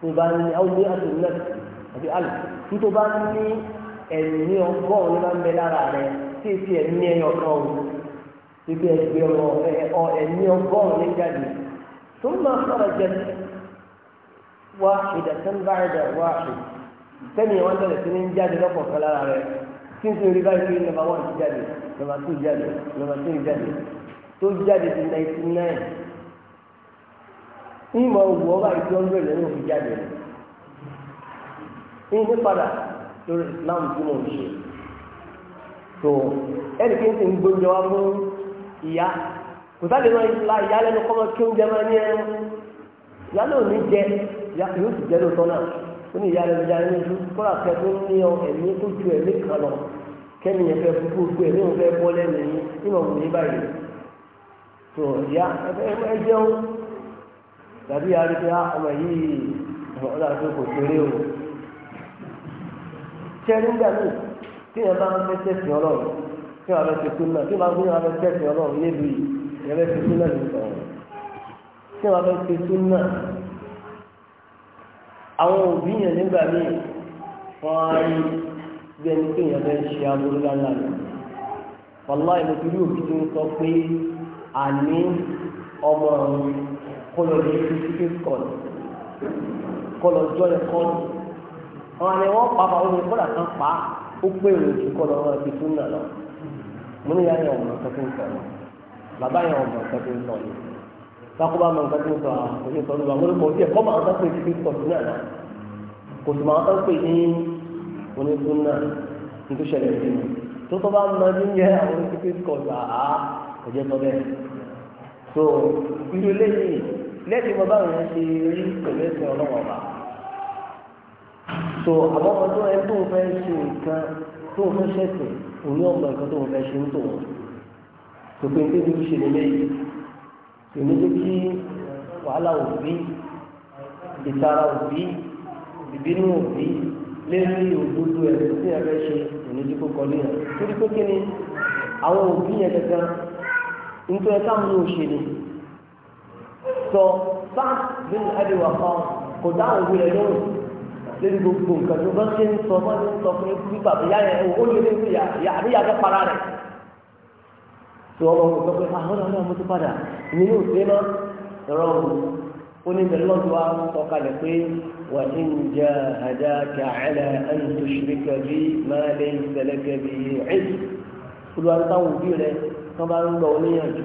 tó bá ní ọdún àtúnlẹ̀ àti àlù tí tó bá ní ẹ̀mí ọgọ́rùn-ún ló máa ń bẹ lára rẹ tí èsì ẹ̀mí ẹ̀yọ kan tí bí ẹgbẹ́ ọ ẹ̀mí ọgọ́rùn-ún lè jáde tó máa sọ̀rọ̀ jẹ wá ìdàtẹ́ ń bá ẹ̀dà wá àṣù sẹ́mi wọn bẹ̀rẹ̀ sí ní jáde lọ́pọ̀ kan lára rẹ tí n sọ̀rọ̀ báyìí pé nọ́mbà one ti jáde nọ́mbà two jáde nọ́mbà three jáde tó jáde di ninety ní ìmọ̀ òwú ọba ìdí ọ̀rẹ́ lẹ́yìn òfin jáde ní ìdí padà lórí Islam tí mo ń ṣe tó ẹnì kí n sì ń gbóúnjẹ wá fún ìyá kò sáré náà la ìyá lẹ́nu kọ́mọ kí oúnjẹ máa ní ẹran ìyá náà ní jẹ ìyá yóò sì jẹ lóòótọ́ náà ó ní ìyá lẹ́nu jáde lójú kọ́lá kẹ́kọ̀ọ́ ní ẹ̀mí tó ju ẹ̀mí kan lọ kẹ́mi yẹn fẹ́ fúfú gbé ẹ̀mí òun fẹ́ bọ́ lẹ́nu yìí ìmọ̀ òun ní báyìí tó ìyá ẹ tàbí àríkí ah, ọmọ yìí ọ̀dà tó kò kéré o ṣe nígbà míì kí ẹ máa ń fẹ́ tẹ̀sí ọlọ́run kí wàá fẹ́ ti kú náà kí wàá fún yàrá fẹ́ tẹ̀sí ọlọ́run lébi ìyẹn fẹ́ ti kú náà ní sọ̀rọ̀ kí wàá fẹ́ ti kú náà àwọn òbí yẹn nígbà míì wọ́n á rí bí ẹni pé yẹn fẹ́ ṣe aburú lánàá ni wàláì mo ti rí òbí tó ń sọ pé àní ọmọ ọ̀run kọlọ ní ìdíje kọlọ kọlọ jọ ẹ kọlọ àwọn àni wọn pa àwọn ọmọ ìkọlà kan pa ó pé èrò ju kọlọ wọn ti fún nà lọ mo ní yàrá ọmọ nǹkan tó ń sọ wọn bàbá yẹn ọmọ nǹkan tó ń sọ yìí sákòbá ọmọ nǹkan tó ń sọ àwọn òṣèlú sọ lùbà mọlẹ kọtí ẹ kọ máa tán pé pé ní onígun náà ní tó ṣẹlẹ̀ sí mi tó tó bá mọ ní yẹ àwọn ìdíje kọlọ àá kò tó bẹ́ẹ̀ so irú eléyìí lẹ́yìn bàbá rẹ̀ ṣe rí pẹ̀lú ẹ̀sìn ọlọ́wọ́n bá so àwọn tó ẹ tó fẹ́ ṣe nǹkan tó fẹ́ ṣẹ̀sìn òun ọmọ nǹkan tó fẹ́ ṣe ń tò wọ́n tó pé pé kí n ṣe lélẹ́yìí kò kí wàhálà òbí ìtara òbí ìbínú òbí lérí òdodo ṣe kí ni àwọn òbí yẹn nítorí táwọn ṣe sọ fáàkì nínú ẹbí wà fún ọ kò dáhùn òwe rẹ lóhùn lórí gbogbo nǹkan tó bá ń ṣe ń sọ bá ń sọ fún ikú bíbà bíyà rẹ ó lè lè fìyà àríyá fẹ́ para rẹ tó ọmọ wọn sọ pé àwọn ọmọ ọmọ tó padà ní yóò dé mọ ẹ̀rọ òun ó ní bẹ̀rẹ̀ lọ́dún wa sọ kalẹ̀ pé wà ní ìjà àdá kàcẹ́lẹ̀ ẹni tó ṣubí kẹbí máa lè ṣẹlẹ̀ kẹbí ẹ̀ olùwàlúwà òbí rẹ tó bá ń gbọ́ oníyànjú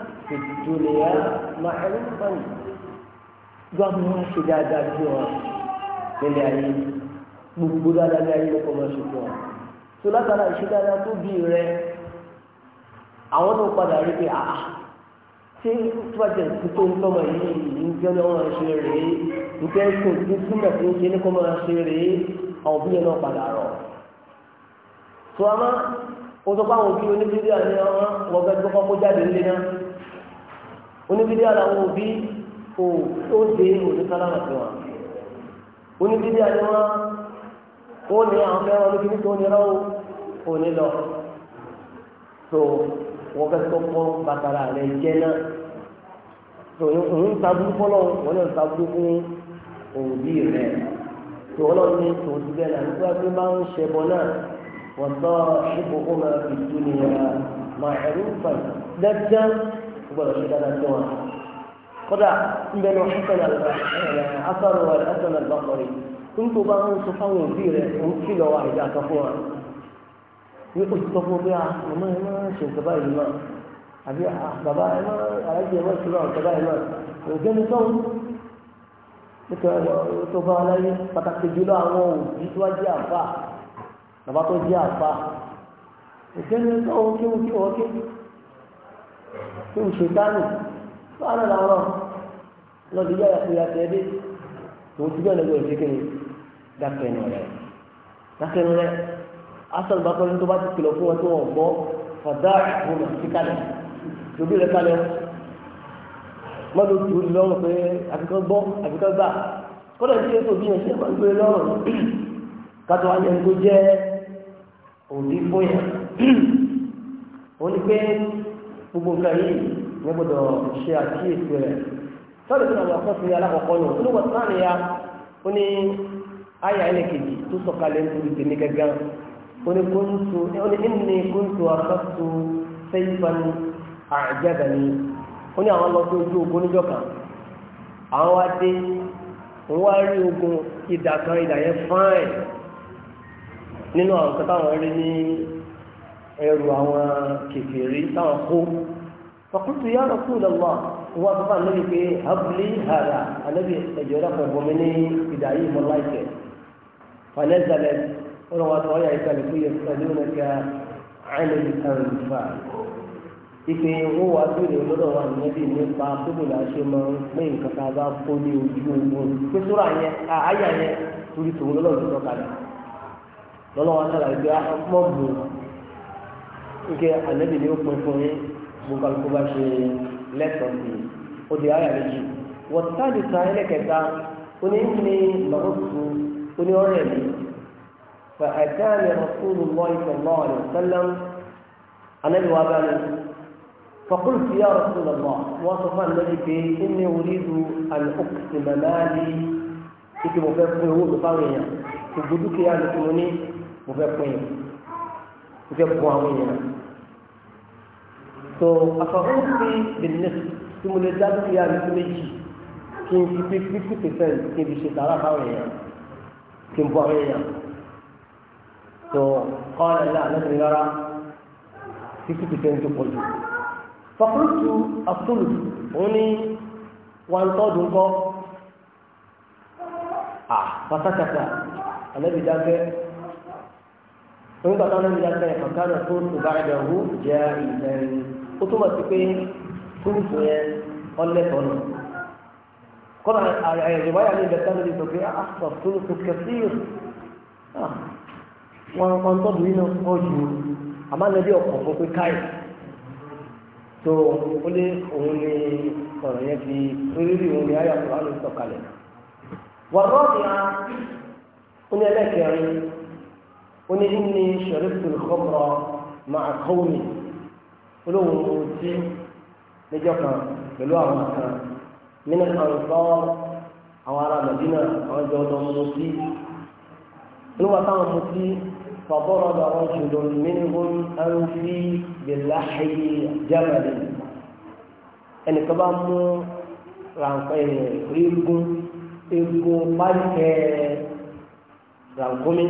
في الدنيا معروفا gbàgbọ́ wọn ṣe dáadáa sí wọn nílé ayé gbogbo dáadáa ní ayé ló kọ́ máa ṣe fún wọn tó látara ìṣe dáadáa tó bí rẹ àwọn tó padà rí pé àá ṣé tó bá jẹ ìsìn tó ń tọ́mọ yìí nǹkan ní wọn ṣe rèé nǹkan tó ti súnmọ̀ tó ń ṣe ní kọ́ máa ṣe rèé àwọn òbí yẹn náà padà rọ̀ tó a máa ó sọ pé àwọn òbí oníbíríà ni wọn wọ́n fẹ́ gbọ́kọ́ kó jáde nílé náà oníbídé aláwọ̀ òbí ó dé oníkálámà sí wọn oníbídé aláwọ̀ ó ní àwọn fẹ́ràn olókè ní tó nira ó ò ni lọ tó wọ́n fẹ́ tó pọ́n bàtàrà rẹ̀ jẹ́ so tó òun taburú fọlọ́ wọn lè taburú fún òbí rẹ̀ tó ọlọ́run ní tó ti bẹ́ẹ̀ náà nígbà tó bá ń ṣẹbọ náà wọ́n tọ́ ṣípò kó máa fi dúnìyà máa ẹ̀rú fà dáadáa gbọ́dọ̀ ṣe dáadáa sí wọn. kódà ń bẹ lọ hasan asaro wa hasan albakari ń tó bá ń sọ fáwọn òbí rẹ ń kìlọ̀ àìdá kan fún wa. ní oṣù tó fún bí a ah, màmá ẹ máa ṣe nǹkan báyìí náà àbí ah, bàbá ẹ máa aláàjì ẹ máa ṣe nǹkan báyìí náà òjẹ́ni tó ń nítorí tó bá aláyé pàtàkì jùlọ àwọn òbí tó wá jẹ́ àfà bàbá tó jẹ́ àfà òjẹ́ni tó ń kéwù kí wọ́n kéwù. fún ṣètánì fún àná làwọn lọ́dún yára pé ya tẹ̀ dé tòun ti bẹ́ẹ̀ lọ́gbọ̀n ìṣe kéde dákẹ́ ẹnu rẹ̀ dákẹ́ ẹnu rẹ̀ asọ̀rọ̀ bá tọ́lú tó bá ti bo fún wọn tó wọ́n gbọ́ fàdá ìfowópamọ́ sí kalẹ̀ lóbi rẹ̀ kalẹ̀ mọ́tò tù ú lọ́rùn pé àfikọ́ gbọ́ àfikọ́ gbà kọ́dọ̀ tí èso bí yẹn ṣe máa ń gbogbo nǹkan yìí ní gbọdọ̀ ṣe àkíyèsí rẹ̀ sọ́dọ̀ tí wọ́n kọ́ sí ya ó ní àyà ẹlẹ́kejì tó sọ̀kalẹ̀ nítorí tèmi gángan ó ní kóńtù ó ní ní kóńtù akásù ni ó ní àwọn lọ sí ojú ogun kan ogun ẹrù àwọn kèfèrí táwọn kó fàkútù yá Rasulullah wọ́n bá lórí pé abúlé hàrà alẹ́bí ẹ̀jọ̀ dákọ̀ ìbomi ní ìdáyé mọ́ láìpẹ́ fanẹ́zalẹ̀ wọ́n wá tọ́ ọ̀yà ìkàlẹ̀ fún yẹn pẹ̀lú nìkà àìlẹ̀ ìkàrùnfà ìpè wọ́n wá bèrè lọ́dọ̀ wa nẹ́bí nípa gbogbo là ṣe nke anabi ni ó pin fún yín gbogbo àlùkò bá ṣe lẹ́sọ̀n sí ó di ayà méjì wọ́n táàdì ta ẹlẹ́kẹta ó ní ní màmúsù ó ní ọ̀rẹ́ mi fa àìkáàlì Rasulullahi sallallahu alaihi wasallam anabi wa bá mi فقلت يا رسول الله واصف الذي إني أريد أن أقسم مالي كي مفكر هو بطاوية تبدو كيان توني مفكر ó fẹ́ kó àwọn èèyàn tó àfọwọ́sí bìnnẹ́s tí mo lè dá dúkìá mi sí méjì kí n fi fifty percent kí n fi ṣe sàrà fáwọn èèyàn kí n bọ àwọn èèyàn tó kọ́ ọ̀lẹ́lá àlẹ́ rárá fifty percent tó pọ̀ jù fọkùnrin tu àpòlù òun ní wọn tọ́dún kọ́ à pátákátá àlẹ́ bìí dákẹ́. nígbà táwọn ẹni dáta ẹ̀ kọ̀ọ̀kan tó tó bá ẹ̀dá owó jẹ́ ìlẹ́yìn ó túmọ̀ sí pé túùfù yẹn ọlẹ́tọ̀ọ́ nù. kọ́nà ìrìwáyà ní ìbẹ̀tẹ́ lórí ìtòkè àṣọ túùfù kẹsí ah, wọn kan tó bu inú pọ̀ jù àmọ́ ẹni ọkọ̀ fún pé káì tó ó lé òun ní ọ̀rọ̀ yẹn fi orílẹ̀ òun ní ayàtọ̀ àlùsọ̀kalẹ̀. wàrọ́ọ̀dì á ó ní ní ṣẹ̀rífù ìkọ́mọ̀rọ̀ máa kọ́wọ́mì olóhùn ọtí níjọ́ kan pẹ̀lú àwọn kan nínú àǹtọ́ àwọn ará màdínà àwọn jọ ọdọ ọmọ ọtí olúwa táwọn ọmọ ọtí فضرب رجل منهم أنفي بلحي جمل ẹnì kan bá mú ràǹkẹ́ eégún eégún pàṣẹ ràǹkúmí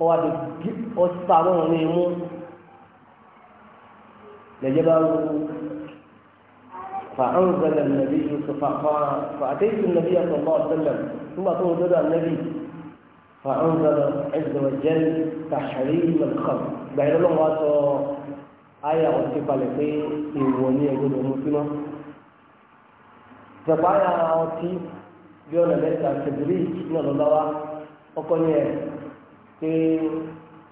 ọwọ́ àti bí ọsà lọ́rùn ní imú lẹ́jẹ́ bá wù فأنزل النبي فأتيت النبي صلى الله عليه وسلم ثم تنزل النبي فأنزل عز وجل تحريم الخمر بعد الله واسو آية وصفة لكي يووني يقول المسلمة فبعد آية وصف يونا بيتا تدريج نظر الله وقال pé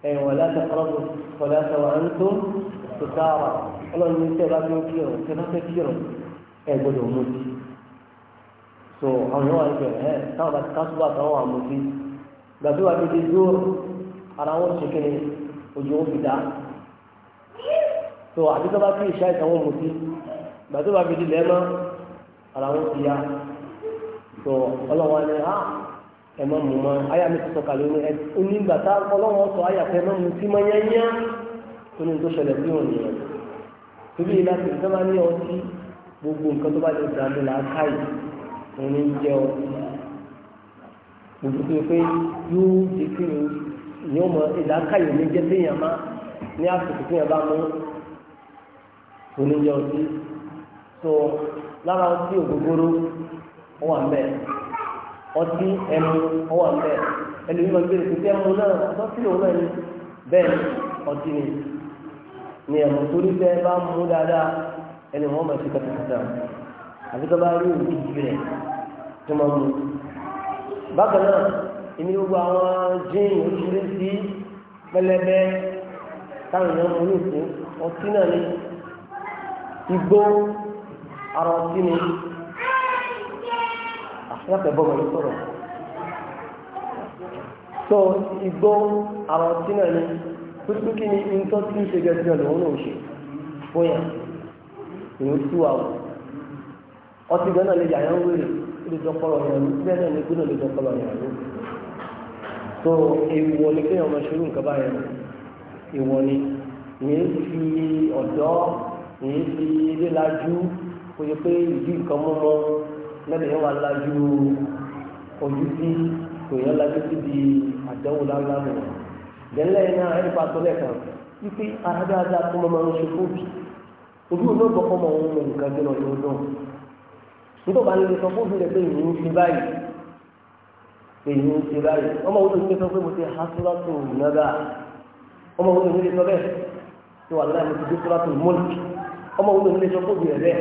ẹ wala taqrabu salata wa antum sukara ọlọ́run ní sẹ́ẹ̀ bá fi ń kí ọ̀rọ̀ sẹ́ẹ̀ bá fẹ́ kí ọ̀rọ̀ ẹ gbọ́dọ̀ mú sí. so àwọn yóò wá ní bẹ̀rẹ̀ ẹ táwọn bá ti káṣù bá táwọn wà mú sí. gbàgbé wa ti di dúró ara wọn ṣe kéde ojú wọn fi dá. so àti tó bá fi ìṣá ìtàwọn mú sí gbàgbé wa fi di lẹ́ẹ̀mọ́ so ọlọ́run wa ni ah ẹ má ma aya mi e sọ kàlẹ́ ní ẹ onígbà sọ aya fẹ́ mọ mú sí ma yányá tó ní tó ṣẹlẹ̀ sí òní ẹ̀ torí láti ní ọtí gbogbo nǹkan tó bá lè dà mí ní jẹ ọtí gbogbo tó pé yóò di kí ni ni ọmọ ní jẹ téèyàn má ní àsìkò ọtí ẹmu ọwọ́ àbẹ́ ẹnu yìí máa gbére pípẹ́ ẹmu náà ọtí òun náà ni ọtí ni ni ẹmu torí bẹ́ẹ̀ bá mú dáadáa ẹni wọ́n máa ti kàtàkàtà àti tó bá rí òkìkí rẹ̀ tó máa mú. bákan náà èmi gbogbo àwọn jíìn oríṣiríṣi pẹlẹbẹ táwọn èèyàn mú ní ọtí náà ni igbó ara ọtí ni wọ́n fẹ́ bọ́ọ̀mù yìí sọ̀rọ̀ so igbó àwọn tí náà ni pípé kí ni nǹkan tí ń ṣe gẹ́gẹ́ náà lòun náà ṣe bóyá èyí tú àwọn ọtí gan náà lè yà yẹn wéèrè lè jọ kọlọ yẹn ló bẹ́ẹ̀ náà lè gbé náà lè jọ kọlọ yẹn ló so èèwọ̀ ni kéèyàn máa ṣerú lẹ́nu yẹn wà lájú ojú sí kò yẹn lájú sí di àdánwò lálá mi wọn. gẹ́lẹ́ iná ẹni bá lẹ́ẹ̀kan wípé ara dáadáa máa ń ṣe fóòtù ojú òun náà gbọ́kọ́ mọ ohun mọ̀ nǹkan jẹ́ lọ́dún ọdún. nítorí wọn lè sọ fóòtù pé báyìí èyí ń báyìí ọmọ òun sọ pé mo ti ọmọ òun sọ bẹ́ẹ̀ wà ti dé mọ́lì ọmọ òun sọ fóòtù bẹ́ẹ̀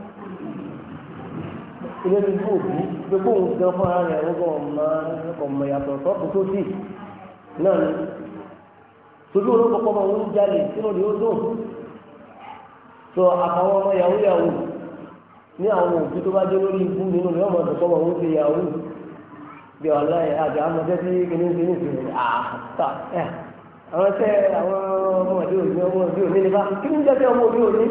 ilé ti bú òbí pé kó òun gan fúnra rẹ̀ ń gbọ́ ọmọ ọmọ yàtọ̀ sọ́kù tó sì náà ni sojú olóko kọ́ ọmọ jalè sínú ni ó dùn sọ àtàwọn ọmọ yahoo yahoo ní àwọn òbí tó bá dé lórí ibú nínú ni ọmọ ọdún sọmọ òun ti yahoo bí ọ̀la ẹ̀ àjọ amọ̀tẹ́ tí kìíní ń kìíní kìíní àtà ẹ̀ àwọn ẹsẹ̀ àwọn ọmọdé òní ọmọdé òní nípa kí ni jẹ́ pé ọmọ òní òní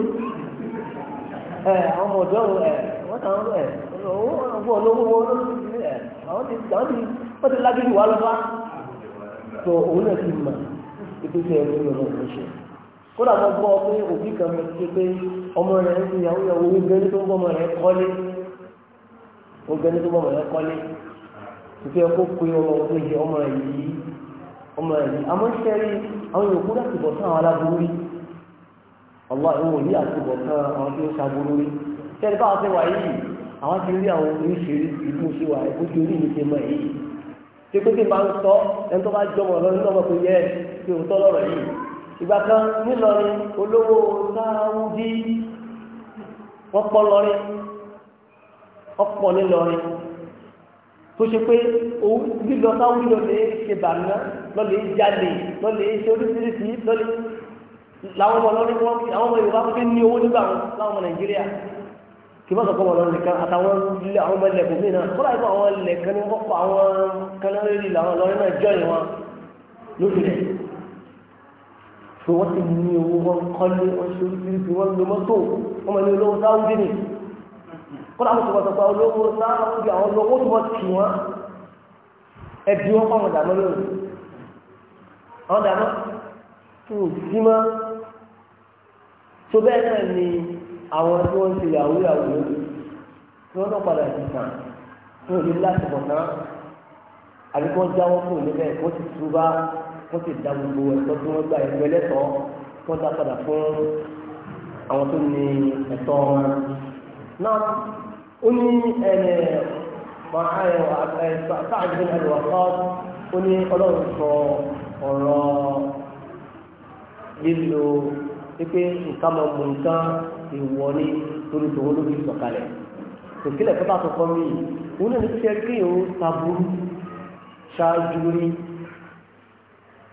ẹ̀ ọmọ ọ̀dọ́ ẹ̀ wọ́n tàn án ẹ̀. fún olówó olóṣèlú ẹ̀ àwọn ti kódà mo gbọ́ pé òbí kan mi ti pé ọmọ rẹ̀ ń fi àwọn ìyàwó obìnrin tó ń rẹ̀ kọ́lé obìnrin tó ń rẹ̀ kọ́lé ìfẹ́ kó pe ọmọ ọmọ rẹ̀ yìí ọmọ rẹ̀ yìí àmọ́ ṣẹ́ rí àwọn láti bọ̀ sán àwọn àti bọ̀ sán àwọn àwọn ti rí àwọn oníṣirí ìlú ṣe wà ẹ̀kọ́ ju orí mi ṣe mọ̀ èyí ṣé kó tí máa ń sọ ẹni tó bá jọmọ lọ nínú ọmọ tó yẹ kí òótọ́ lọ́rọ̀ yìí ìgbà kan nílọrin olówó sáwùdí wọ́n pọ̀ lọ́rin ọ̀pọ̀ nílọrin tó ṣe pé òun lílọ sáwùdí lọ ṣe bàmínà lọ lè jalè ṣe oríṣiríṣi lọ làwọn ọmọ lọ́rin wọn àwọn ọmọ Yorùbá fi ní owó nígbà wọn láwọn ọmọ Nàìjíríà kìbá sọ fọmọ lọrùn nìkan àtàwọn ilé àwọn ọmọ ilẹ̀ bòmí náà kọ́lá ìgbà àwọn ilẹ̀ kan ní wọ́n àwọn kanárẹ́lì làwọn lọ́rẹ́ náà jọyìn wọn lóṣù rẹ̀ fún wọ́n ti ní owó wọn kọ́lé wọn ṣe wọn lo mọ́tò wọn mọ̀ ní olówó sáwùdí nì kọ́lá àwọn sọ̀rọ̀ sọ̀rọ̀ olówó sáwùdí àwọn olówó tó wọ́n tì wọ́n ẹbí wọn fáwọn dàmọ́ lónìí àwọn dàmọ́ àwọn tí wọ́n ń ṣe yàwó yàwó lórí tí wọ́n náà padà ti sàn tí ò ní láti bọ̀ tán àbí kí wọ́n jáwọ́ fún òní bẹ́ẹ̀ kó ti túbá kó ti da gbogbo ẹ̀tọ́ tí wọ́n gba ẹ̀tọ́ ẹlẹ́tọ̀ọ́ kó dá padà fún àwọn tó ní ẹ̀tọ́ wọn. náà ó ní ẹ̀ẹ́dẹ̀ máa ẹ̀ sáàdì ẹ̀rọ ọ̀tọ́ ó ní ọlọ́run sọ ọ̀rọ̀ lílo pípé nǹkan máa mú nǹkan ìwọ ní torí tòun ló fi sọ̀kalẹ̀ tòkílẹ̀ tó bá tó kọ́ mí òun náà ní ti ṣe kí òun taburú ṣáájú rí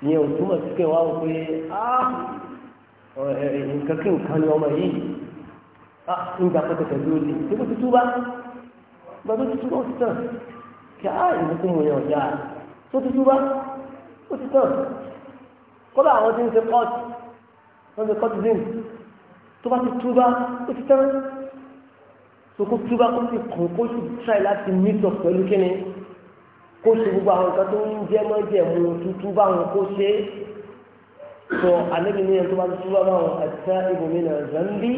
ni ò túmọ̀ sí pé wá wò pé ah, nǹkan kí nǹkan ni ọmọ yìí ah, nígbà pẹ́ tẹ̀tẹ̀ dúró ni tó ti túbá gbà tó ti túbá ó ti tàn kí á ìmúkú mu yẹn ọ̀dà tó ti túbá ó ti tàn kọ́lá àwọn tí ń ṣe kọ́ọ̀tù wọ́n ti kọ́ ti dín tó bá ti túbá ó ti tán tó kó túbá kó ti kàn kó sì tíráì láti mítọ̀ pẹ̀lú kíni kó ṣe gbogbo àwọn nǹkan tó ń jẹ́ mọ́ jẹ́ mu tuntun bá wọn kó ṣe é sọ àlejò ní ẹni tó bá ti túbá bá wọn àti ibùmí náà zambi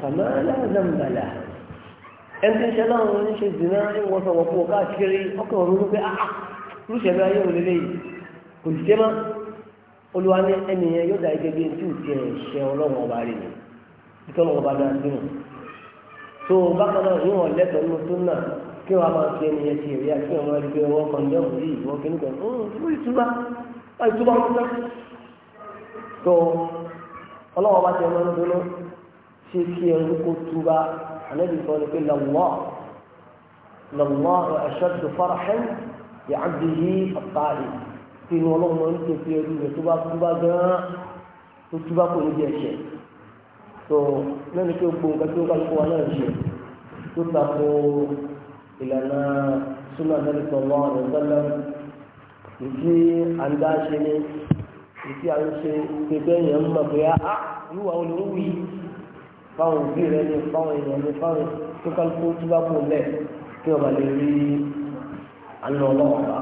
kàmáàlà zambala ẹni tí ń ṣe láwọn ohun ṣe dìnnà ìwọ̀sán wọ̀pọ̀ káàkiri ọkọ̀ òun ló pé áá ah, lóṣèlú ah, ayé òun lélẹ́yìí kò sí jẹ́ máa olúwa ní ẹni yẹn yóò dà gẹ́gẹ́ bí ojú ti ẹ̀ṣẹ̀ ọlọ́run ọba rẹ̀ ni títí ọlọ́run ọba náà sínú tó bákan náà níwọ̀n lẹ́tọ̀ọ́ nínú tó náà kí wọ́n máa fi ẹni yẹn ti rí àti ọmọ rẹ̀ pé wọ́n kàn jẹ́ òun yìí wọ́n kíní kan fún ìtura wọ́n ìtura wọn tán tó ọlọ́run ọba ti ẹnu ẹnu dúró ṣé kí ẹnu kó túba ànábì sọ ni pé lọ́wọ́ lọ́wọ́ ẹ̀ṣọ́ tó fara inú ọlọ́run máa ń tó fi ẹrú rẹ̀ tó bá túbá gan-an tó túbá kò níbi ẹ̀ṣẹ̀ tó lẹ́nu tó gbó nǹkan tó kálukú wa náà ṣe tó tako ìlànà súnà náà tó wọ́n ọ̀rọ̀ ìdí àǹdá ṣe ni ìdí à ń ṣe pépé yẹn ń mọ̀ pé á ìwà olówó yìí fáwọn òbí rẹ̀ ni fáwọn èèyàn ni fáwọn tó kálukú túbá kò lẹ̀ kí ọba lè rí àná ọlọ́wọ́ bá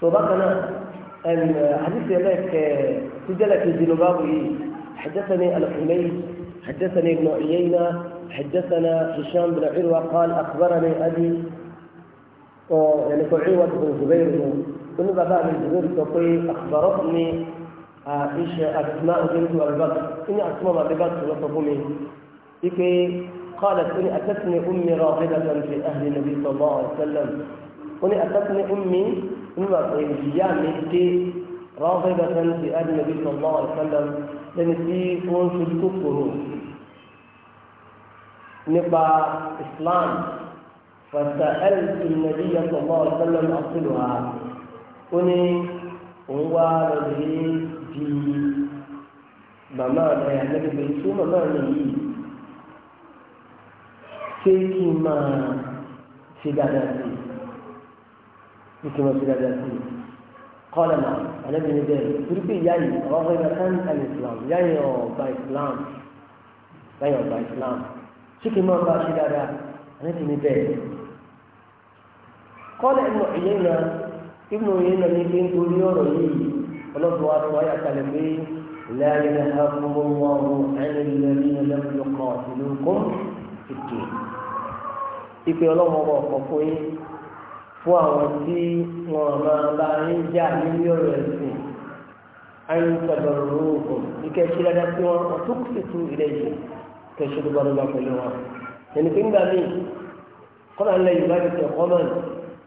tó bákan náà. الحديث هناك سجلك الزنباوي حدثني الحميد حدثني ابن عيينة حدثنا هشام بن عروة قال أخبرني أبي آه، يعني عروة بن زبير بن بابا بن زبير تقول أخبرتني عائشة أسماء بنت أبي بكر إني أسماء أبي بكر وصفوني إكي قالت إني أتتني أمي راغبة في أهل النبي صلى الله عليه وسلم إني أتتني أمي nígbà tó ìyá mi dé rọ́ọ̀fẹ́ gbàtàn ti adìmọ̀bí sọ̀rọ̀ ìfẹ́lẹ̀ lẹ́ni tí wọ́n sojú kòkòrò nípa Islam fàtà ẹ̀rìsì nàbí yàtọ̀ sọ̀rọ̀ ìfẹ́lẹ̀ àkùlù ha ó ní òun wá lọ́dẹ̀ di màmá rẹ̀ àgbẹ̀gbẹ̀ tó màmá rẹ̀ yìí ṣé kí n máa ṣe dáadáa sí i nítorí wọn ti dáadáa sí i kọ́lá náà anábìnrin bẹ́ẹ̀ turkey ìyá yìí àwọn ọmọ ìgbà kan ní islam ìyá yìí ọba islam ìyá yìí ọba islam ṣíkì máa bá ṣe dáadáa anábìnrin bẹ́ẹ̀ kọ́lá ìmọ̀ ìyẹn náà ìmọ̀ ìyẹn náà ní pé nítorí ọ̀rọ̀ yìí ọlọ́dún wa sọ ayé àkàlẹ̀ pé láyé náà fún wọn wọn ẹni lẹ́yìn lẹ́yìn lọ́kọ̀ọ́ ìlú kọ́ ìpè ọlọ́wọ́ ọkọ̀ fún yín fún àwọn tí wọn máa bá ń jà nínú ọ̀rọ̀ ẹ̀sìn àyìn sọ̀dọ̀rọ̀ oògùn ní kẹ́sí dáadáa sí wọn ọ̀tún kò sì tu ilé yìí kẹ́sí tó bá lọ́gbà pẹ̀lú wọn. ẹni pé ńgbà míì kọ́nà ńlẹ̀ yorùbá ti tẹ̀ ọmọ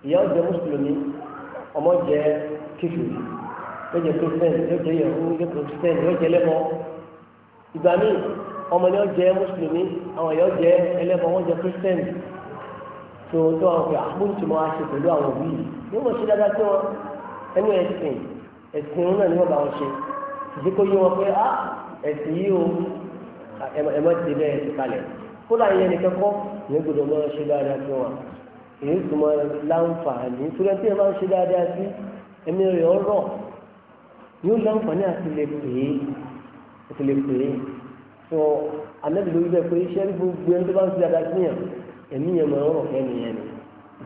ìyá ọ̀jẹ̀ mùsùlùmí ọmọ jẹ́ kífìrì yóò jẹ́ kristian yóò jẹ́ yẹ̀wò yóò kristian yóò jẹ́ lẹ́mọ́ ìgbà míì ọmọ ni ó mùsùlùmí àwọn ìyá tó tó àwọn pé àbúrò tí mo wá ṣe pẹ̀lú àwọn òbí yìí ní wọ́n ṣe dáadáa tí wọ́n ẹnu ẹ̀sìn ẹ̀sìn òun náà ni wọ́n bá wọn ṣe ìdí kó yé wọn pé á ah, ẹ̀sìn yìí o ẹ̀mọ́ ti lẹ̀ ẹ̀sìn kalẹ̀ kódà yẹn ni kẹ́kọ́ ìyẹn gbọdọ̀ mọ́ ṣe dáadáa tí wọ́n èyí tó mọ láǹfààní tó lẹ́yìn tí ẹ máa ń ṣe dáadáa sí ẹ̀mí rẹ̀ ọ̀rọ̀ yóò láǹfààní àti lè pè é àti lè pè é ẹ̀mí yẹn máa ń rọ̀ fẹ́ nìyẹn ni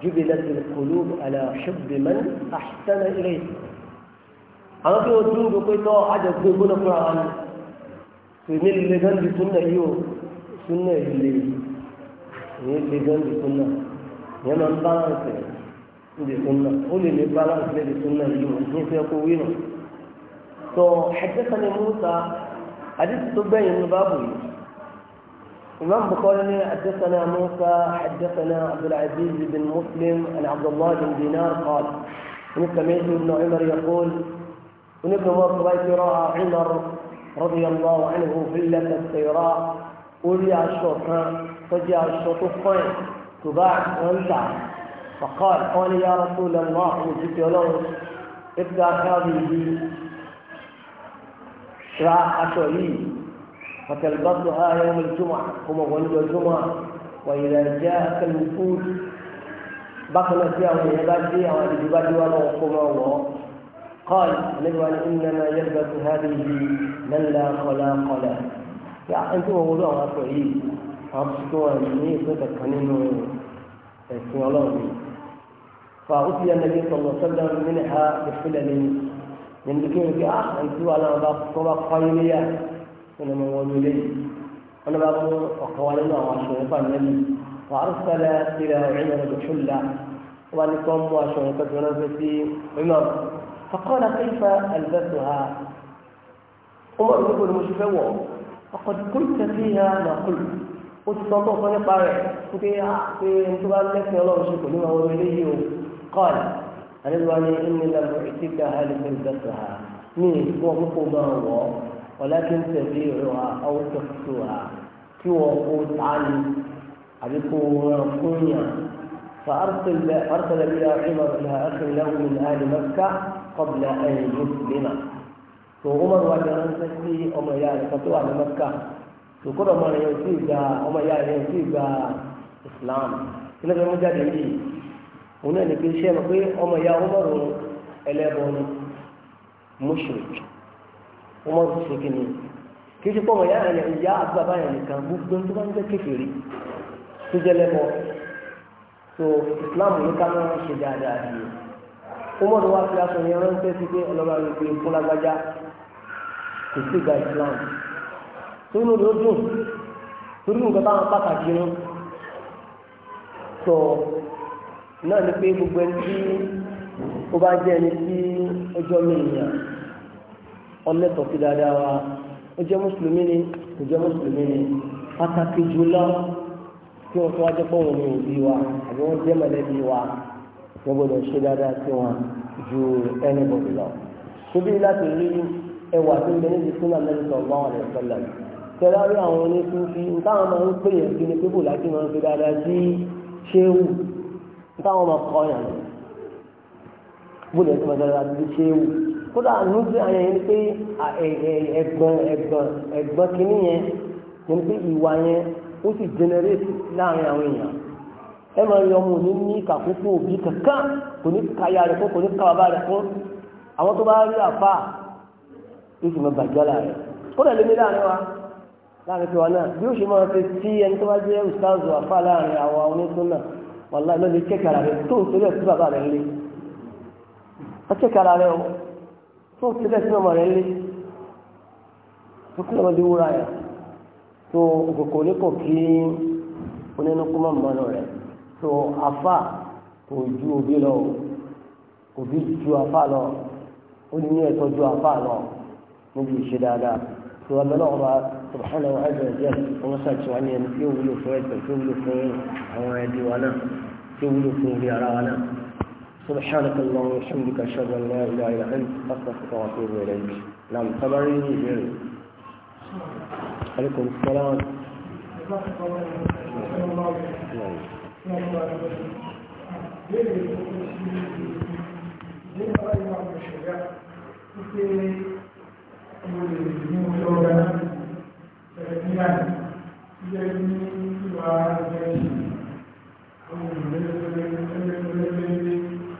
jubilat al-qulub ala hubbi man ahsana ilayhi àwọn tí wọ́n tún ń gbé tọ́ àjọ gbé gbóná fún ara ni tèmi lè gán di súnà yìí o súnà ìlè ní lè gán di súnà yẹn máa ń bálánsì di súnà ó lè ní bálánsì lè di súnà yìí o ní fẹ́ kó wí nù. tó ẹgbẹ́ kan ní mú ta àdìsí tó gbẹ̀yìn ní báàbù yìí. الإمام بخاري حدثنا موسى حدثنا عبد العزيز بن مسلم عن عبد الله بن دينار قال سمعت ابن عمر يقول من ابن مصر راى عمر رضي الله عنه فلة السيراء أولي الشوط فجاء الشوط الصين تباع وانتع فقال قال يا رسول الله جئت له ابدا هذه راح أشعري فتلبطها يوم الجمعة هم ولد الجمعة وإذا جاءك الوفود بخل فيها والعباد فيها والجباد والقمى قال نجوى إنما يلبس هذه من لا خلاق له يعني أنتم وضعوا أصعي أبسطوا أني فتكننوا اسم الله فأتي النبي صلى الله عليه وسلم منها بحلل من ذكرك أخ آه، أنتم على بعض طرق خيرية wọn mọ wọn lé wọn bá mú ọkọ wa nínú àwọn aṣọ nípa nẹ́bí wà á sálẹ̀ sílẹ̀ ìrìn àjò ṣùlá wọn ní kọ́ mú aṣọ nípa tó ránṣẹ́ sí ìmọ̀ فقال كيف ألبسها عمر يقول مشفوع فقد قلت فيها ما قلت ó ti sọ́kọ́ fún nípa rẹ̀ wípé ah, pé n tó bá lẹ́sìn ọlọ́run ṣe kò ní máa wọlé yìí o kọ́ọ̀l àdébíwá ni ẹni lẹ́nu ìtìkà àlùfẹ́ ha ní ìfún ọkọ̀ ولكن تبيعها أو تخفوها كيو تعالي عليكم كنيا فأرسل أرسل بها عمر إلى أخي له من آل مكة قبل أن يسلم فعمر وجران تسلي أم يا فتوى على مكة فكل ما يوسيب أم يا يوسيب إسلام إلى المجاهدين هنا نقول شيء نقول أم يا عمر إلى بني مشرك wọ́n ti ṣe kí ni kí ṣe ndị yára yẹn ìyá àgbàbá yẹn nìkan gbogbo tó bá ń jẹ́ kékeré tó jẹ́ lẹ́mọ́ Islam ní ká máa ń ṣe dáadáa sí i aṣọ yẹn ránṣẹ́ sí pé ọlọ́ba rẹ̀ pé kò sí ìgbà Islam tó ní dùn pàtàkì náà ni pé gbogbo ẹni tí ó bá jẹ́ ẹni tí ọlẹ́tọ̀ sí dáadáa wa ó jẹ́ mùsùlùmí ni kò jẹ́ mùsùlùmí ni pàtàkì jùlọ kí wọ́n tó wájú pọ̀ wọn ní òbí wa àbí wọ́n jẹ́ mọ̀lẹ́bí wa wọ́n gbọ́dọ̀ ṣe dáadáa sí wọn ju ẹni bọ̀dù lọ. tóbi láti rí ẹwà tó ń bẹ níbi sínú àlejò ọgbọ́n ọ̀rẹ́ sọlọ tẹ́lá rí àwọn onífúnfí ntáwọn máa ń pè yẹn sí ni láti máa ń fi dáadáa sí ṣéwù ntáwọn máa kọ́ yàn kódà ànúgbé ayẹyẹ ni pé ẹ̀gbọ́n ẹ̀gbọ́n ẹ̀gbọ́n kìíní yẹn ni pé ìwà yẹn ó sì generate láàrin àwọn èèyàn ẹ máa yọ ọmọ òní ní kàkókò òbí kankan kò ní kaya rẹ fún kò ní kábàbà rẹ fún àwọn tó bá rí àfà yóò sì máa bàjẹ́ là rẹ kódà lèmi láàrin wa láàrin tiwa náà bí ó ṣe máa fi tí ẹni tó bá jẹ́ ustaz àfà láàrin àwọn onísùnnà wàlá ìlọ́ni kẹ́kẹ́ ara rẹ tó ń torí ẹ̀ sí bàbá rẹ ń lé ọ kẹ́kẹ́ ara rẹ o tó ti bẹ́ẹ̀ sí ọmọ rẹ̀ lé tó kí lọ́mọdé wúra rẹ̀ tó òkòkò ní kò kí onínú kó má mọ́nà rẹ̀ tó afá kò ju òbí lọ òbí ju afá lọ ó ní ẹ̀tọ́ ju afá lọ níbi ìṣe dáadáa tó ọmọ náà wà subhanahu wa ta'ala jẹ́ wọn ṣàtúwá ní ẹni tí ó wúlò fún ẹ̀sẹ̀ tí ó wúlò fún àwọn ẹbí wa náà tí ó wúlò fún ilé ara wa náà. سبحانك اللهم وبحمدك اشهد ان لا اله الا انت استغفرك واتوب اليك نعم خبري جيل عليكم السلام Thank you.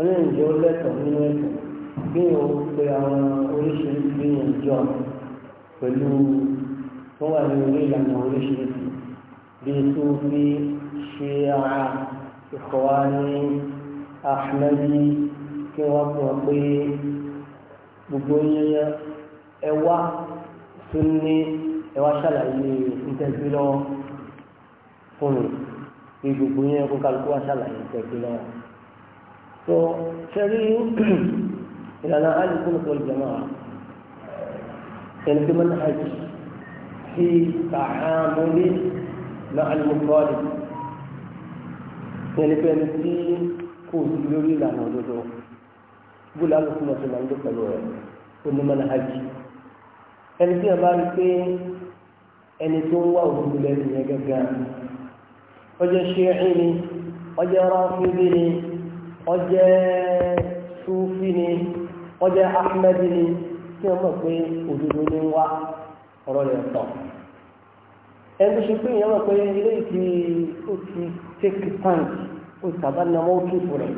oníyànjẹ́ ó lẹ́tọ̀ọ́ nínú ẹ̀sìn bí o pe àwọn oríṣiríṣi ìjọ pẹ̀lú tó wà ní orí ìlànà oríṣiríṣi bí tó fi ṣe ara ìkọ̀wá ní ahmadi kí wọ́n pọ̀ pé gbogbo yẹyẹ ẹwà tó ní ẹwà ṣàlàyé ìtẹ́sí fún mi bí gbogbo yẹn kó kálukú wá ṣàlàyé ìtẹ́sí so sẹ́rí ìlànà alìkún kò jẹ̀mọ́ à ẹnìkí mọ́nà àjì sí tàhámúlé na alìmọ́kọ́lì ẹnìkẹ́ni tí kò sí lórí ìlànà òdodo búlá alùpùpù náà ti máa ń dé pẹ̀lú rẹ̀ ó ní mọ́nà àjì ẹni tí a bá rí pé ẹni tó ń wá òdodo lẹ́nu yẹn gẹ́gẹ́ ọjọ́ ṣe é ọjẹ́ sufi ni ọjẹ́ ahmed ni tí wọ́n mọ̀ pé òdodo ni wá ọ̀rọ̀ rẹ̀ tọ̀ ẹni ṣe pé pé ilé ó pant ó ti sábà na mọ́ òkè fún rẹ̀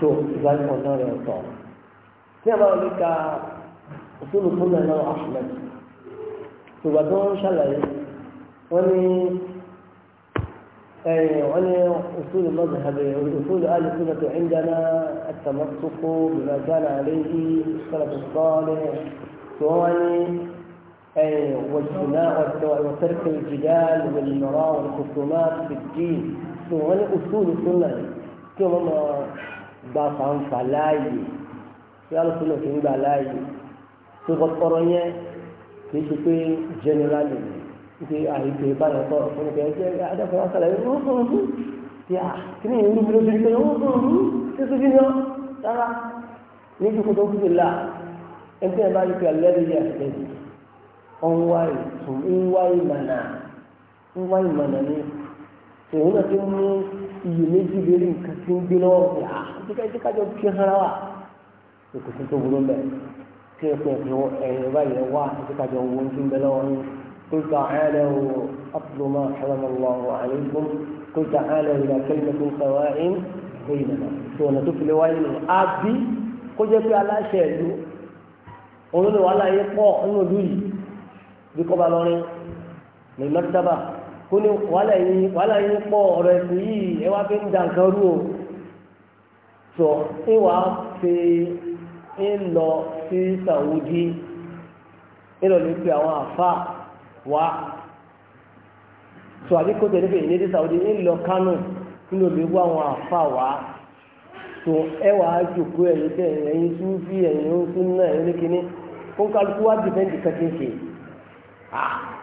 tó ìgbà rẹ̀ tọ̀ tí a máa rí ka òṣèlú fún náà ahmed ṣàlàyé wọ́n يعني أصول المذهب أصول أهل السنة عندنا التمسك بما كان عليه السلف الصالح سواء والثناء وترك الجدال والمراء والخصومات في الدين سواء أصول السنة كما باطن فلاي يا السنة في بلاي في القرآن كيف جنرالي Jadi àìpé báyọ̀ tọ̀ fún ìpè ẹ̀jẹ̀ adáfẹ́ wa sàlàyé rúrúrú ti à kí ni ìlú mi ló ti lah. pé rúrúrú tí tó bíyàn rárá ní kíkó tó kúrò là ẹgbẹ́ bá yí pé alẹ́rìí yà ṣe ọ̀hún wá ìtù ni òun tu ti mú iyì méjì lérí nǹkan tí ń gbé lọ́wọ́ pé à kíkẹ́ ẹjẹ́ kájọ kí ara wa kò jauh tó burú bẹ́ẹ̀ قل تعالوا أطل ما حرم الله عليكم قل تعالوا إلى كلمة سواء بيننا سوى نتوفل وين أبي قل يكي على شيء òun ló wà láyé pọ̀ nínú ìlú yìí bí kò bá lọrin lè má dábà kó ní wàhálà yín wàhálà yín pọ̀ ọ̀rọ̀ ẹ̀sìn yìí ẹ wá fi wá tó àbí kó tẹ̀lé pé ìlédè Saudi lọ Kánò nínú òbí wá àwọn àfa wá tó ẹ wàá jòkó ẹ̀yìn tẹ̀ ẹ̀yìn súnfì ẹ̀yìn oṣù náà ẹ̀yìn oníkíní kó kálukú wá kẹ́kẹ́kẹ́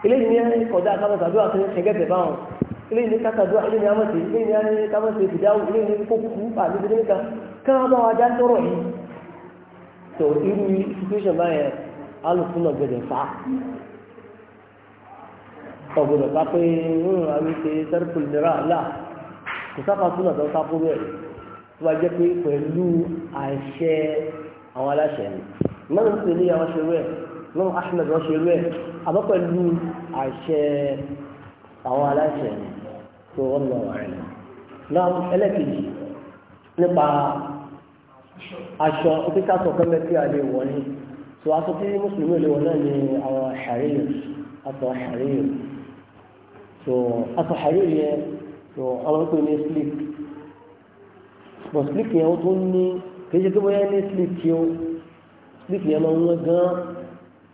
eléyìí ní eléyìí ní eléyìí ní eléyìí ní ìdáwó eléyìí ní káwọn bá yìí tó irú situation báyẹn alùpùpù náà ọ̀gbọ̀dọ̀ ká pé rúrùn hmm, àwọn ìṣe sẹ́rìkù ìlera àlà kò sáfà súnà tó sáfó bẹ́ẹ̀ tó bá jẹ́ pé pẹ̀lú àṣẹ àwọn aláṣẹ ni mẹ́rin tó ní àwọn ṣe rẹ̀ mẹ́rin ahmed wọ́n ṣe rẹ̀ àbọ̀ pẹ̀lú àṣẹ àwọn aláṣẹ ni tó wọ́n lọ wà rẹ̀ náà ẹlẹ́kejì nípa aṣọ òkúta sọ̀kan mẹ́tí àlè wọ̀ ni tó aṣọ tí mùsùlùmí lè wọ̀ náà ni àwọn àṣàríyàn aṣọ àṣàríyàn tó aṣọ àríwí yẹn tó ọlọ́pẹ́ ní sleep bọ̀ sleep yẹn ó tó ní kìí ṣe gbogbo yẹn ní sleep tí ó sleep yẹn máa ń wọ́n gan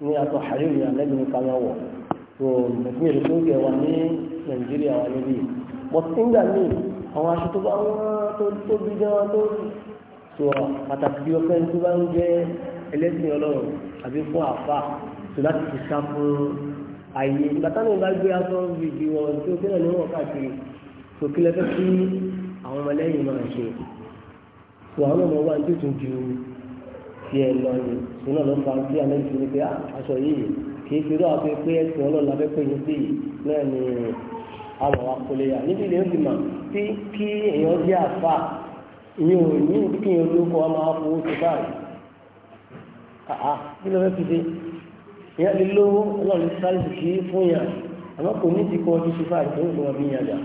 ní aṣọ àríwí yẹn lẹ́gbẹ̀ẹ́ nípa máa wọ̀ tó nàìjíríà ló tó ń kẹ̀ wá ní nàìjíríà wà níbí bọ̀t nígbà míì àwọn aṣọ tó bá wọ́n tó tóbi gan tó tó pàtàkì bí ọpẹ́ tó bá ń jẹ́ ẹlẹ́sìn ọlọ́run àbí fún àfà tó láti fi sá fún àyè ìgbà táwọn bá gbé aṣọ fìdí wọn tí ó kílẹ̀ ní wọn káàkiri tó kílẹ̀ fẹ́ kí àwọn ọmọlẹ́yìn máa ṣe tó àwọn ọmọ wa ń tètè ju ti lọ ni sínú ọ̀nà bá ń bí amẹ́rin pé ah, aṣọ yìí kì í fi rọ́ àpé pé ẹ̀sìn ọlọ́run fẹ́ pé yín sí náà ni àwọn akọlẹ̀ yà níbi ilé tí kí èèyàn jẹ́ àfà ìyẹn ò ní kí èèyàn ìyá lè lówó ọlọ́run sáré sì kí fún yà àmọ́ kò ní ti kọ́ ọdún sí fáàrí tó ń lọ bí yàjà